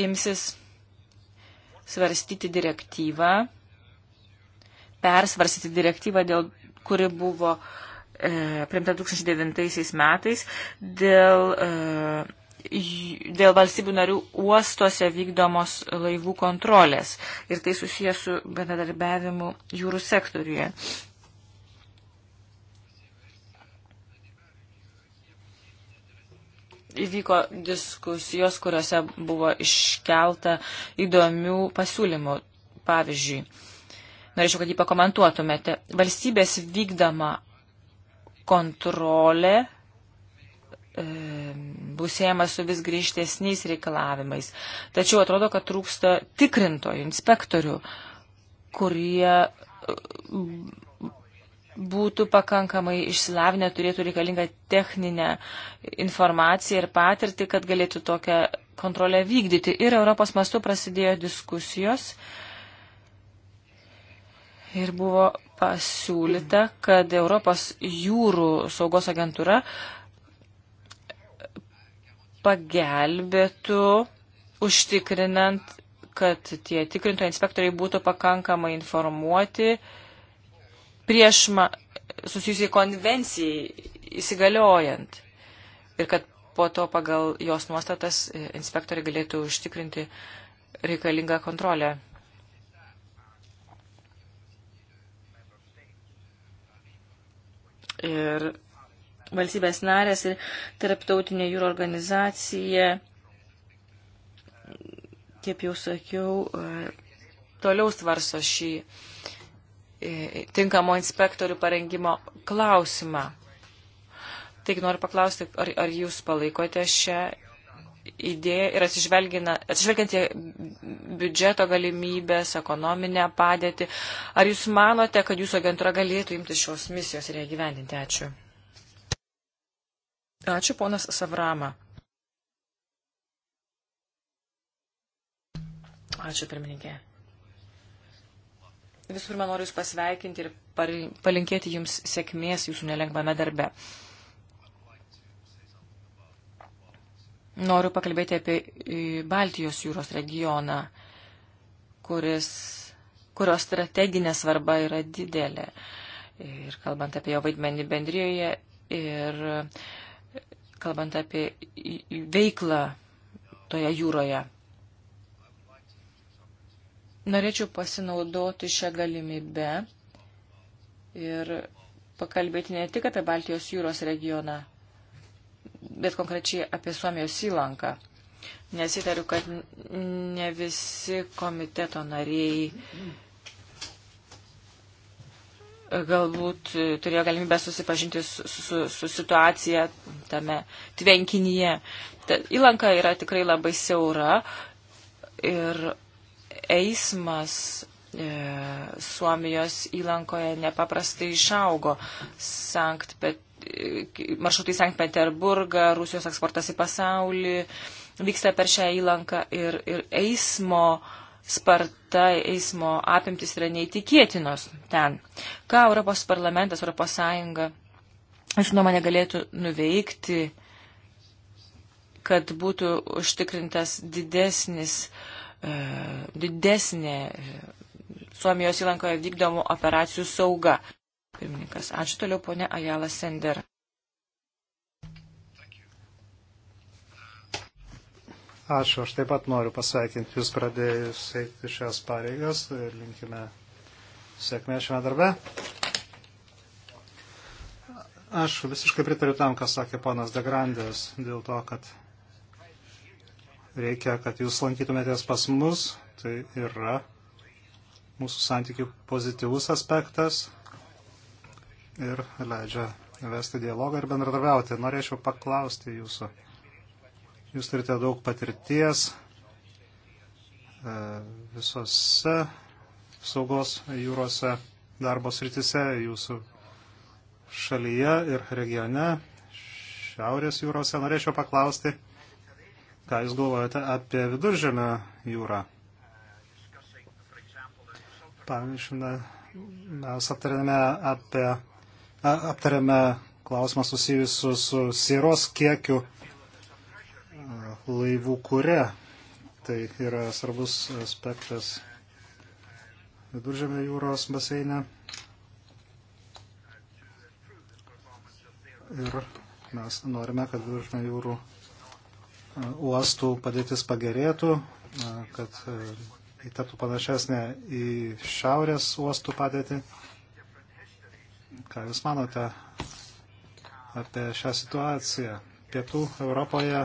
imsis svarstyti direktyvą, persvarstyti direktyvą, dėl, kuri buvo e, primta 2009 metais dėl, e, dėl valstybių narių uostuose vykdomos laivų kontrolės ir tai susijęs su bendradarbiavimu jūrų sektoriuje. įvyko diskusijos, kuriuose buvo iškelta įdomių pasiūlymų. Pavyzdžiui, norėčiau, kad jį pakomentuotumėte. Valstybės vykdama kontrolė e, bus siejama su vis grįžtesniais reikalavimais. Tačiau atrodo, kad trūksta tikrintojų, inspektorių, kurie e, būtų pakankamai išsilavinę, turėtų reikalingą techninę informaciją ir patirtį, kad galėtų tokią kontrolę vykdyti. Ir Europos mastu prasidėjo diskusijos ir buvo pasiūlyta, kad Europos jūrų saugos agentūra pagelbėtų užtikrinant, kad tie tikrintojai inspektoriai būtų pakankamai informuoti, uh, prieš susijusiai konvencijai įsigaliojant. Ir kad po to pagal jos nuostatas e, inspektoriai galėtų užtikrinti reikalingą kontrolę. Ir valstybės narės ir tarptautinė jūro organizacija, kaip jau sakiau, e, toliau svarso šį E, tinkamo inspektorių parengimo klausimą. Taigi noriu paklausti, ar, ar jūs palaikote šią idėją ir atsižvelgiant į biudžeto galimybės, ekonominę padėtį, ar jūs manote, kad jūsų agentūra galėtų imti šios misijos ir ją gyvendinti? Ačiū. Ačiū, ponas Savrama. Ačiū, pirmininkė. Visų pirma, noriu Jūs pasveikinti ir palinkėti Jums sėkmės Jūsų nelengvame darbe. Noriu pakalbėti apie Baltijos jūros regioną, kuris, kurios strateginė svarba yra didelė. Ir kalbant apie jo vaidmenį bendrijoje ir kalbant apie veiklą toje jūroje. Norėčiau pasinaudoti šią galimybę ir pakalbėti ne tik apie Baltijos jūros regioną, bet konkrečiai apie Suomijos įlanką. Nes įtariu, kad ne visi komiteto nariai galbūt turėjo galimybę susipažinti su, su, su situacija tame tvenkinyje. Ta, įlanka yra tikrai labai siaura ir eismas e, Suomijos įlankoje nepaprastai išaugo. Sankt Pet, e, maršrutai Sankt Peterburgą, Rusijos eksportas į pasaulį vyksta per šią įlanką ir, ir eismo sparta, eismo apimtis yra neįtikėtinos ten. Ką Europos parlamentas, Europos Sąjunga, aš nuomonė, galėtų nuveikti, kad būtų užtikrintas didesnis uh, E, didesnė Suomijos įlankoje vykdomų operacijų sauga. Pirmininkas, ačiū toliau ponė Ajala Sender. Ačiū, aš taip pat noriu pasveikinti Jūs pradėjus eiti šias pareigas ir linkime sėkmė šiame darbe. Aš visiškai pritariu tam, ką sakė ponas Degrandės, dėl to, kad reikia, kad jūs lankytumėtės pas mus. Tai yra mūsų santykių pozityvus aspektas ir leidžia vesti dialogą ir bendradarbiauti. Norėčiau paklausti jūsų. Jūs turite daug patirties e, visose saugos jūrose darbo sritise jūsų šalyje ir regione, Šiaurės jūrose. Norėčiau paklausti, ką Jūs galvojate apie viduržėmio jūrą. Pavyzdžiui, mes aptarėme, apie, aptarėme klausimą susijusiu su sieros kiekiu e, laivų kūre. Tai yra svarbus aspektas viduržėmio jūros baseine. Ir mes norime, kad viduržėmio jūrų uostų padėtis pagerėtų, kad e, įtaptų panašesnė į šiaurės uostų padėtį. Ką Jūs manote apie šią situaciją? Pietų Europoje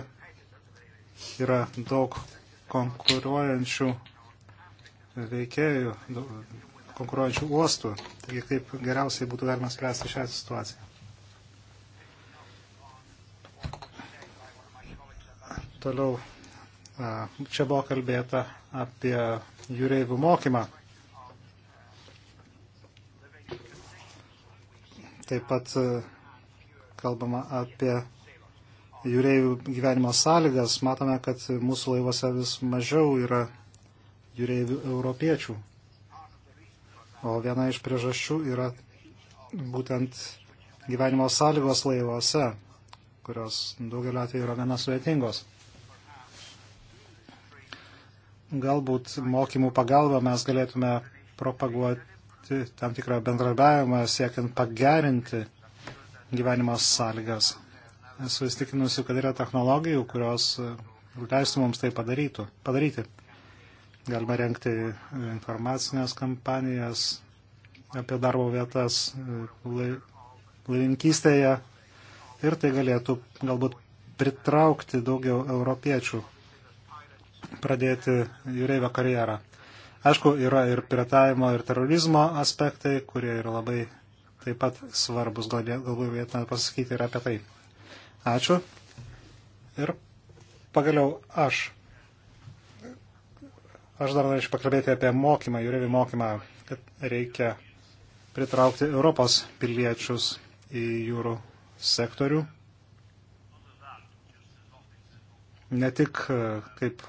yra daug konkuruojančių veikėjų, konkuruojančių uostų. Taigi kaip geriausiai būtų galima spręsti šią situaciją? Toliau čia buvo kalbėta apie jūreivių mokymą. Taip pat kalbama apie jūreivių gyvenimo sąlygas. Matome, kad mūsų laivose vis mažiau yra jūreivių europiečių. O viena iš priežasčių yra būtent gyvenimo sąlygos laivuose, kurios daugelio atveju yra gana sudėtingos galbūt mokymų pagalba mes galėtume propaguoti tam tikrą bendradarbiavimą, siekiant pagerinti gyvenimo sąlygas. Esu įstikinusi, kad yra technologijų, kurios e, leistų mums tai padarytų, padaryti. Galima renkti e, informacinės kampanijas apie darbo vietas e, laivininkystėje ir tai galėtų galbūt pritraukti daugiau europiečių pradėti jūreivio karjerą. Aišku, yra ir piratavimo, ir terorizmo aspektai, kurie yra labai taip pat svarbus. Galbūt vietume pasakyti ir apie tai. Ačiū. Ir pagaliau aš. Aš dar norėčiau pakalbėti apie mokymą, jūreivį mokymą, kad reikia pritraukti Europos piliečius į jūrų sektorių E, e, ne tik kaip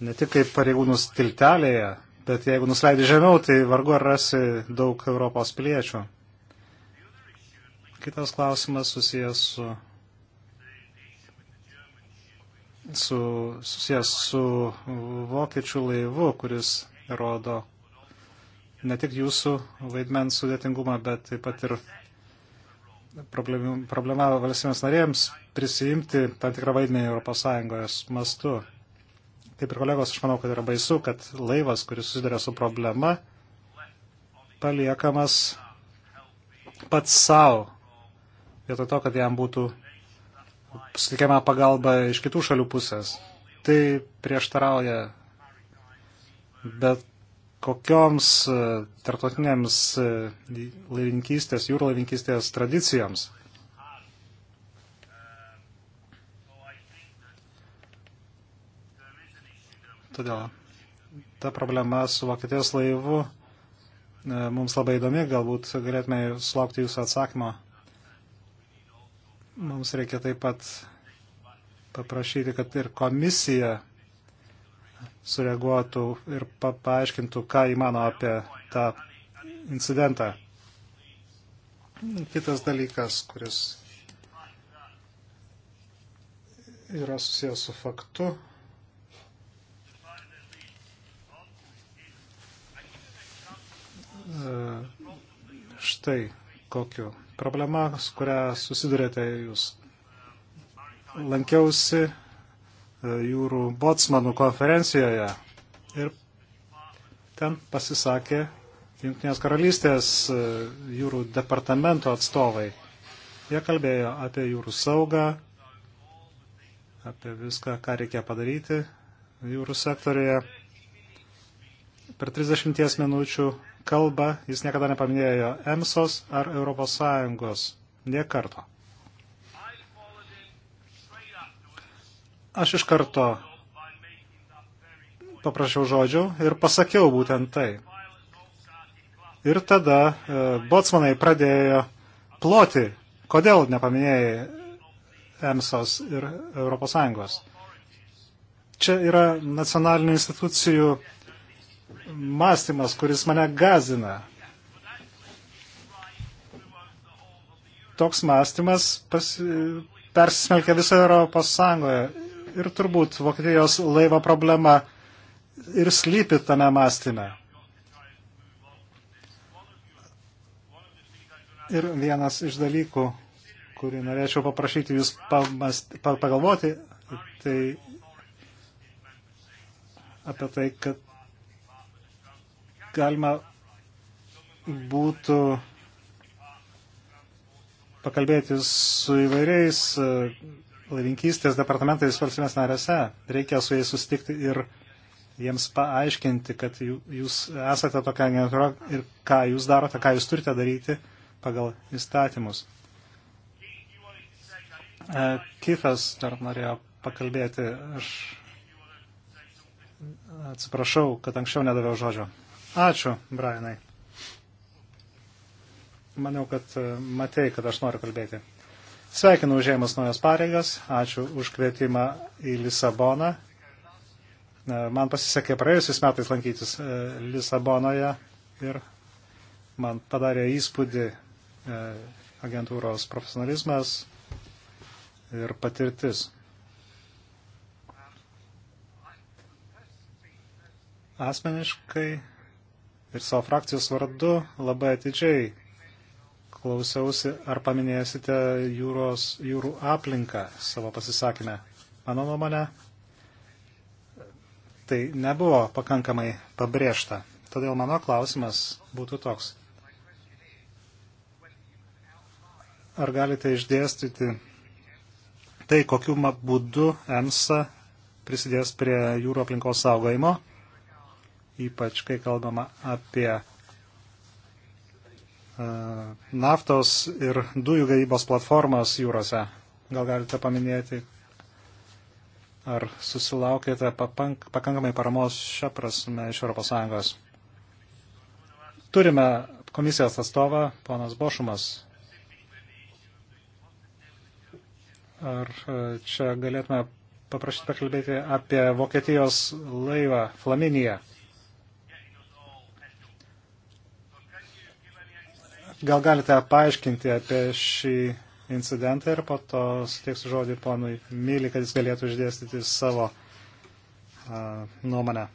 ne tik kaip pareigūnus tiltelėje, bet jeigu nusileidai žemiau, tai vargu ar rasi daug Europos piliečių. Kitas klausimas susijęs su, su, susijęs su vokiečių laivu, kuris rodo, ne tik jūsų vaidmens sudėtingumą, bet taip pat ir problema valstybės narėjams prisijimti tam tikrą vaidmenį ES mastu. Kaip ir kolegos, aš manau, kad yra baisu, kad laivas, kuris susiduria su problema, paliekamas pats savo, vietoj to, kad jam būtų suteikiama pagalba iš kitų šalių pusės. Tai prieštarauja bet kokioms e, tarptautinėms e, laivininkystės, jūrų laivininkystės tradicijoms. Todėl ta problema su Vokietijos laivu e, mums labai įdomi, galbūt galėtume sulaukti jūsų atsakymo. Mums reikia taip pat paprašyti, kad ir komisija sureaguotų ir pa paaiškintų, ką įmano apie tą incidentą. Kitas dalykas, kuris yra susijęs su faktu. E, štai kokiu. Problema, su kuria susidurėte jūs. Lankiausi E, jūrų botsmanų konferencijoje ir ten pasisakė Junktinės karalystės e, jūrų departamento atstovai. Jie kalbėjo apie jūrų saugą, apie viską, ką reikia padaryti jūrų sektorėje. Per 30 minučių kalbą jis niekada nepaminėjo EMSOS ar ES. Nė karto. Aš iš karto paprašiau žodžių ir pasakiau būtent tai. Ir tada e, botsmanai pradėjo ploti, kodėl nepaminėjai EMSOS ir ES. Čia yra nacionalinių institucijų mąstymas, kuris mane gazina. Toks mąstymas pas, persismelkia visą Europos Sąjungoje Ir turbūt Vokietijos laivo problema ir slypi tame mąstyme. Ir vienas iš dalykų, kurį norėčiau paprašyti jūs pamast, pa, pagalvoti, tai apie tai, kad galima būtų pakalbėti su įvairiais laivinkystės departamentais valstybės narėse. Reikia su jais sustikti ir jiems paaiškinti, kad jūs esate tokia agentūra ir ką jūs darote, ką jūs turite daryti pagal įstatymus. E, kitas dar norėjo pakalbėti. Aš atsiprašau, kad anksčiau nedaviau žodžio. Ačiū, Brianai. Maniau, kad e, matei, kad aš noriu kalbėti. Sveikinu užėmus naujas pareigas, ačiū už kvietimą į Lisaboną. Man pasisekė praėjusiais metais lankytis e, Lisabonoje ir man padarė įspūdį e, agentūros profesionalizmas ir patirtis. Asmeniškai ir savo frakcijos vardu labai atidžiai klausiausi, ar paminėsite jūros, jūrų aplinką savo pasisakymę. Mano nuomonė, tai nebuvo pakankamai pabrėžta. Todėl mano klausimas būtų toks. Ar galite išdėstyti tai, kokiu būdu EMSA prisidės prie jūrų aplinkos saugojimo, ypač kai kalbama apie E, naftos ir dujų gavybos platformas jūrose. Gal galite paminėti, ar susilaukėte pakankamai paramos šią prasme iš ES? Turime komisijos atstovą, ponas Bošumas. Ar e, čia galėtume paprašyti pakalbėti apie Vokietijos laivą Flaminiją? Gal galite paaiškinti apie šį incidentą ir po to suteiksiu žodį ponui Myli, kad jis galėtų išdėstyti savo uh, nuomonę.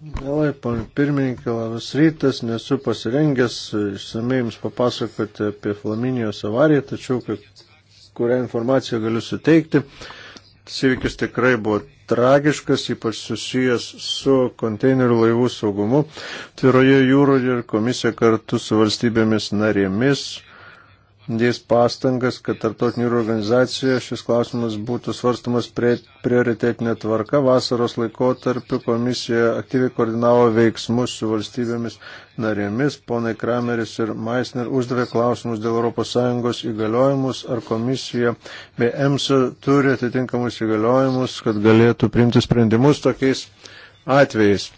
Mielai, pan pirmininkė, labas rytas, nesu pasirengęs išsamei jums papasakoti apie Flaminijos avariją, tačiau kai, kurią informaciją galiu suteikti. Uh, Tas įvykis tikrai buvo tragiškas, ypač susijęs su konteinerių laivų saugumu. Tviroje jūroje ir komisija kartu su valstybėmis narėmis dės pastangas, kad tarptautinių organizacijų šis klausimas būtų svarstamas prioritetinė tvarka. Vasaros laikotarpiu komisija aktyviai koordinavo veiksmus su valstybėmis narėmis. Ponai Krameris ir Maisner uždavė klausimus dėl ES įgaliojimus, ar komisija bei EMSA turi atitinkamus įgaliojimus, kad galėtų priimti sprendimus tokiais atvejais.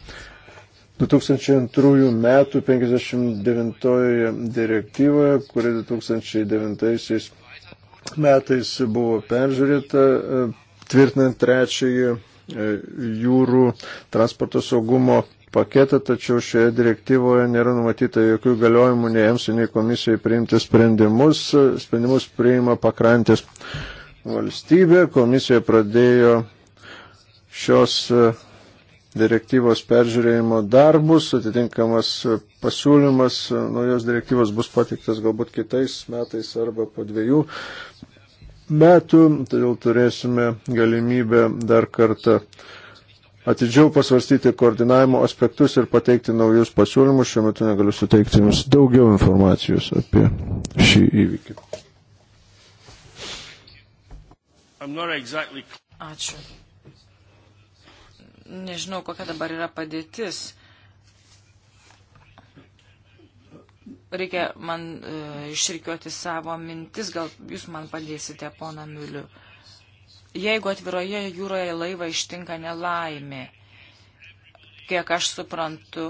2002 metų 59 direktyvoje, kuri 2009 metais buvo peržiūrėta, e, tvirtinant trečiąjį e, jūrų transporto saugumo paketą, tačiau šioje direktyvoje nėra numatyta jokių galiojimų nei jiems, nei komisijai priimti sprendimus. Sprendimus priima pakrantės valstybė. Komisija pradėjo šios e, direktyvos peržiūrėjimo darbus. Atitinkamas pasiūlymas naujos direktyvos bus patiktas galbūt kitais metais arba po dviejų metų. Todėl turėsime galimybę dar kartą atidžiau pasvarstyti koordinavimo aspektus ir pateikti naujus pasiūlymus. Šiuo metu negaliu suteikti jums daugiau informacijos apie šį įvykį. Exactly... Ačiū. Nežinau, kokia dabar yra padėtis. Reikia man e, išrikiuoti savo mintis, gal jūs man padėsite, pona Miliu. Jeigu atviroje jūroje laivą ištinka nelaimė, kiek aš suprantu,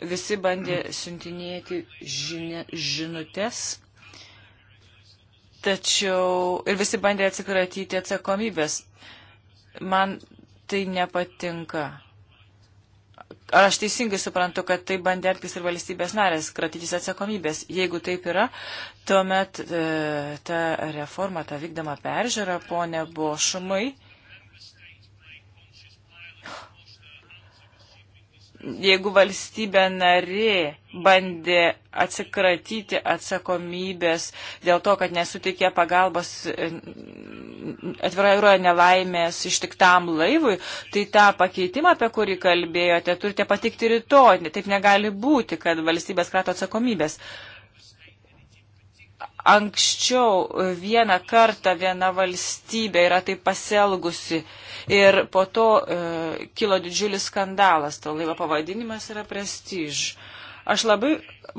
visi bandė siuntinėti žini, žinutės, tačiau ir visi bandė atsikratyti atsakomybės. Man tai nepatinka. Ar aš teisingai suprantu, kad tai bandė elgtis ir valstybės narės, kratytis atsakomybės? Jeigu taip yra, tuomet e, ta reforma, ta vykdama peržiūra, ponė Bošumai, jeigu valstybė narė bandė atsikratyti atsakomybės dėl to, kad nesutikė pagalbos atvirai jūroje nelaimės ištiktam laivui, tai tą pakeitimą, apie kurį kalbėjote, turite patikti rytoj. Taip negali būti, kad valstybės krato atsakomybės. Anksčiau vieną kartą viena valstybė yra taip pasielgusi. Uh, Ir po to e, kilo didžiulis skandalas, to laivo pavadinimas yra prestiž. Aš labai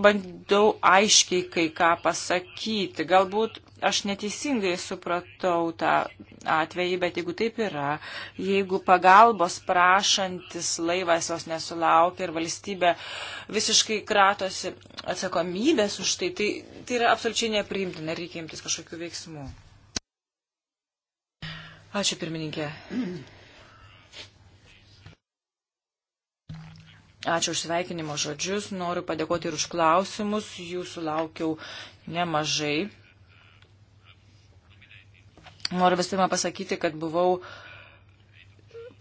bandau aiškiai kai ką pasakyti. Galbūt aš neteisingai supratau tą atvejį, bet jeigu taip yra, jeigu pagalbos prašantis laivas jos nesulaukia ir valstybė visiškai kratosi atsakomybės už tai, tai, tai yra absoliučiai nepriimtina, reikia imtis kažkokių veiksmų. Ačiū pirmininkė. Ačiū už sveikinimo žodžius. Noriu padėkoti ir už klausimus. Jūsų laukiau nemažai. Noriu vis pirma pasakyti, kad buvau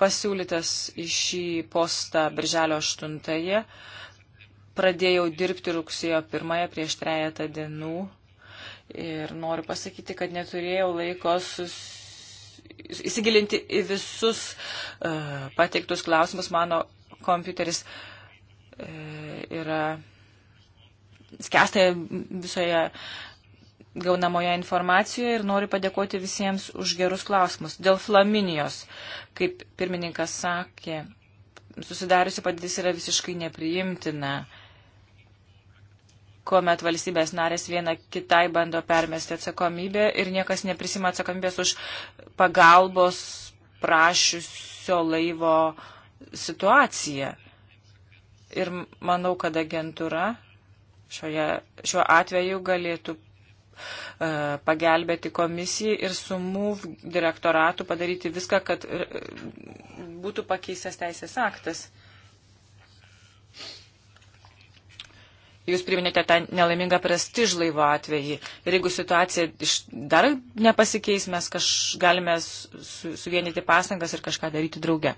pasiūlytas į šį postą birželio 8. Pradėjau dirbti rugsėjo 1 prieš trejata dienų. Ir noriu pasakyti, kad neturėjau laiko susitikti įsigilinti į visus uh, pateiktus klausimus. Mano kompiuteris uh, yra skęsta visoje gaunamoje informacijoje ir noriu padėkoti visiems už gerus klausimus. Dėl Flaminijos, kaip pirmininkas sakė, susidariusi padėtis yra visiškai nepriimtina. Uh, kuomet valstybės narės viena kitai bando permesti atsakomybę ir niekas neprisima atsakomybės už pagalbos prašiusio laivo situaciją. Ir manau, kad agentūra šioje, šiuo atveju galėtų e, pagelbėti komisijai ir su MUV direktoratu padaryti viską, kad e, būtų pakeistas teisės aktas. Jūs priminėte tą nelaimingą prestižlaivo atvejį. Ir jeigu situacija dar nepasikeis, mes kaž, galime su, suvienyti pastangas ir kažką daryti drauge.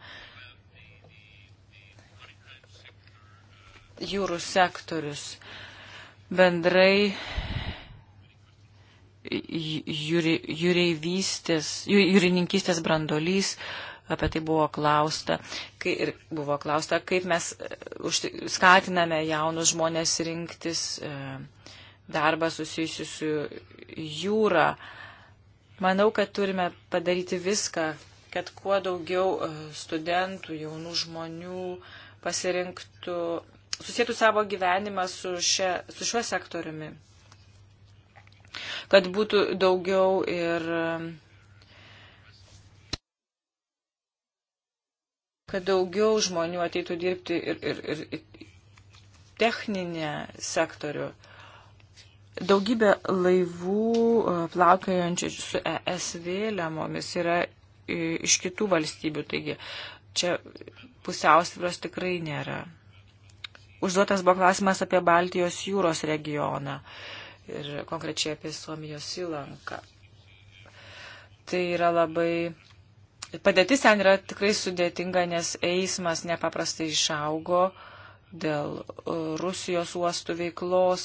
Jūrų sektorius. Bendrai jūreivystės, jūrininkystės brandolys. Uh, apie tai buvo klausta. Kai, ir buvo klausta, kaip mes e, skatiname jaunus žmonės rinktis e, darbą susijusiu su jūra. Manau, kad turime padaryti viską, kad kuo daugiau e, studentų, jaunų žmonių pasirinktų, susėtų savo gyvenimą su, šia, su šiuo sektoriumi. Kad būtų daugiau ir kad daugiau žmonių ateitų dirbti ir, ir, ir techninę sektorių. Daugybė laivų e, plaukiojančių su ES vėliavomis yra e, iš kitų valstybių, taigi čia pusiausvyros tikrai nėra. Užduotas buvo klausimas apie Baltijos jūros regioną ir konkrečiai apie Suomijos įlanką. Tai yra labai Padėtis ten yra tikrai sudėtinga, nes eismas nepaprastai išaugo dėl e, Rusijos uostų veiklos.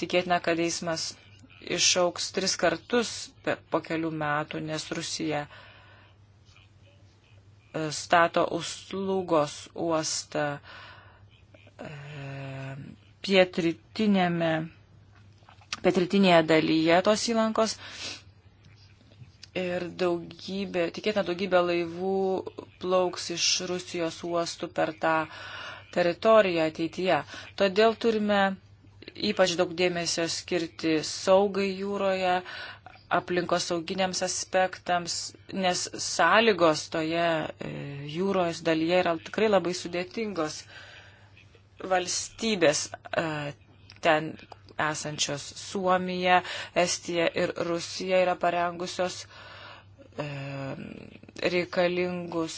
Tikėtina, kad eismas išauks tris kartus po kelių metų, nes Rusija e, stato Uslugos uostą e, pietrytinėme, pietrytinėje dalyje tos įlankos ir daugybė, tikėtina daugybė laivų plauks iš Rusijos uostų per tą teritoriją ateityje. Todėl turime ypač daug dėmesio skirti saugai jūroje, aplinkosauginiams aspektams, nes sąlygos toje e, jūros dalyje yra tikrai labai sudėtingos valstybės e, ten esančios Suomija, Estija ir Rusija yra parengusios uh, E, reikalingus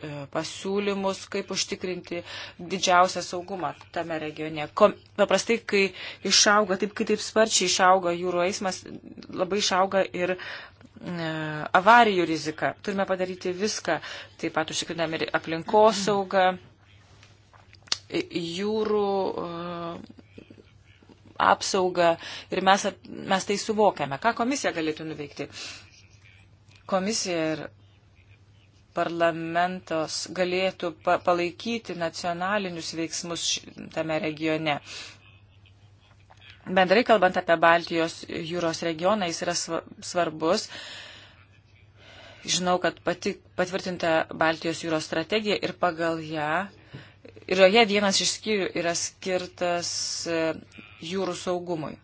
e, pasiūlymus, kaip užtikrinti didžiausią saugumą tame regione. Kom, paprastai, kai išauga, taip kaip taip sparčiai išauga jūrų eismas, labai išauga ir e, avarijų rizika. Turime padaryti viską, taip pat užtikrinam ir aplinkos saugą, jūrų e, apsaugą ir mes, mes tai suvokiame. Ką komisija galėtų nuveikti? E, komisija ir parlamentos galėtų pa palaikyti nacionalinius veiksmus tame regione. Bendrai kalbant apie Baltijos jūros regioną, jis yra svarbus. Žinau, kad pati patvirtinta Baltijos jūros strategija ir pagal ją, ir joje vienas iš skyrių yra skirtas e, jūrų saugumui.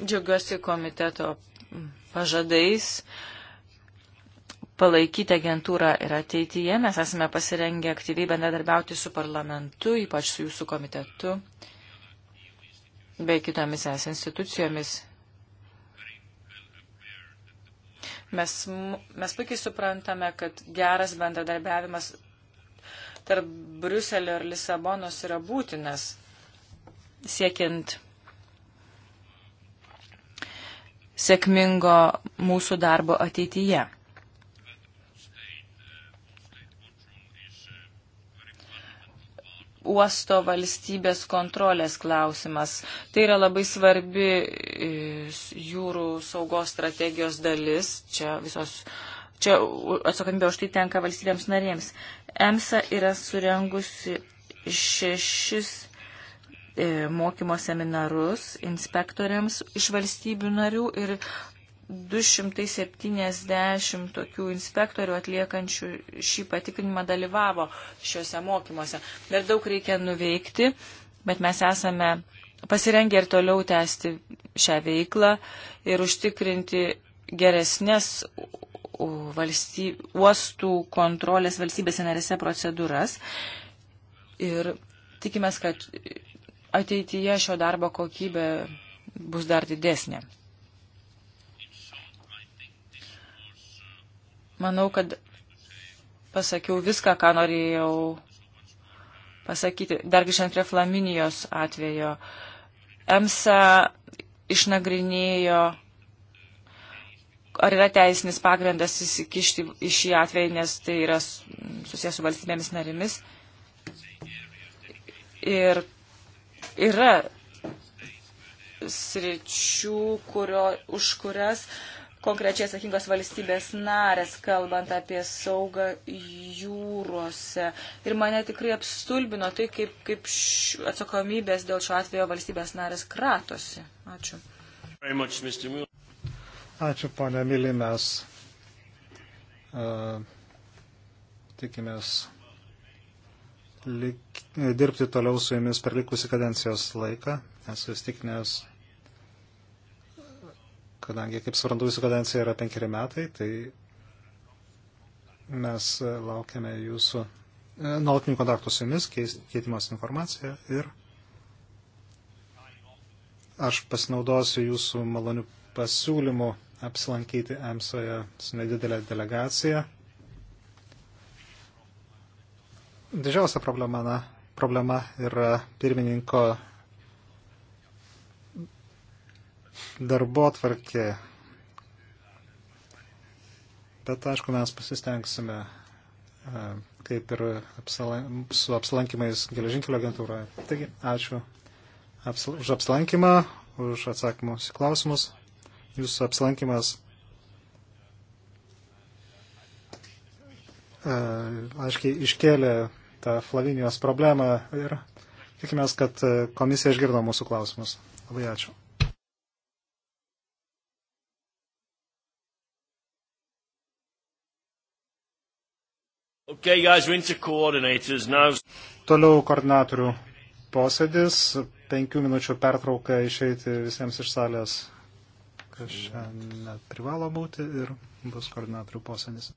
Džiaugiuosi komiteto pažadais palaikyti agentūrą ir ateityje. Mes esame pasirengę aktyviai bendradarbiauti su parlamentu, ypač su jūsų komitetu bei kitomis es institucijomis. Mes, mes puikiai suprantame, kad geras bendradarbiavimas tarp Bruselio ir Lisabonos yra būtinas siekiant sėkmingo mūsų darbo ateityje. Uosto valstybės kontrolės klausimas. Tai yra labai svarbi e, jūrų saugos strategijos dalis. Čia visos čia atsakomybė už tai tenka valstybėms narėms. EMSA yra surengusi šešis E, mokymo seminarus inspektoriams iš valstybių narių ir 270 tokių inspektorių atliekančių šį patikrinimą dalyvavo šiuose mokymuose. Dar daug reikia nuveikti, bet mes esame pasirengę ir toliau tęsti šią veiklą ir užtikrinti geresnės valstyb, uostų kontrolės valstybėse narėse procedūras. Ir tikimės, kad ateityje šio darbo kokybė bus dar didesnė. Manau, kad pasakiau viską, ką norėjau pasakyti. Dar grįžtant prie Flaminijos atvejo. EMSA išnagrinėjo, ar yra teisinis pagrindas įsikišti į šį atvejį, nes tai yra susijęs su valstybėmis narimis. Ir yra sričių, kurio, už kurias konkrečiai atsakingos valstybės narės, kalbant apie saugą jūrose. Ir mane tikrai apstulbino tai, kaip, kaip š, atsakomybės dėl šio atvejo valstybės narės kratosi. Ačiū. Ačiū, ponia Mylimės. Uh, tikimės lik, e, dirbti toliau su jumis per likusį kadencijos laiką. Esu įstikinęs, kadangi, kaip suprantu, jūsų kadencija yra penkeri metai, tai mes e, laukiame jūsų e, nuolatinių kontaktų su jumis, keitimas informacija ir aš pasinaudosiu jūsų malonių pasiūlymų apsilankyti EMSOje su nedidelė delegacija. Didžiausia problema, na, problema yra pirmininko darbo tvarkė. Bet aišku, mes pasistengsime, e, kaip ir apsilan su apsilankimais geležinkelio agentūroje. Taigi, ačiū apsla už apsilankimą, už atsakymus į klausimus. Jūsų apsilankimas e, aiškiai iškėlė tą Flavinijos problemą ir tikimės, kad komisija išgirdo mūsų klausimus. Labai ačiū. Okay, guys, Toliau koordinatorių posėdis, penkių minučių pertrauka išeiti visiems iš salės, kas čia neprivalo būti ir bus koordinatorių posėdis.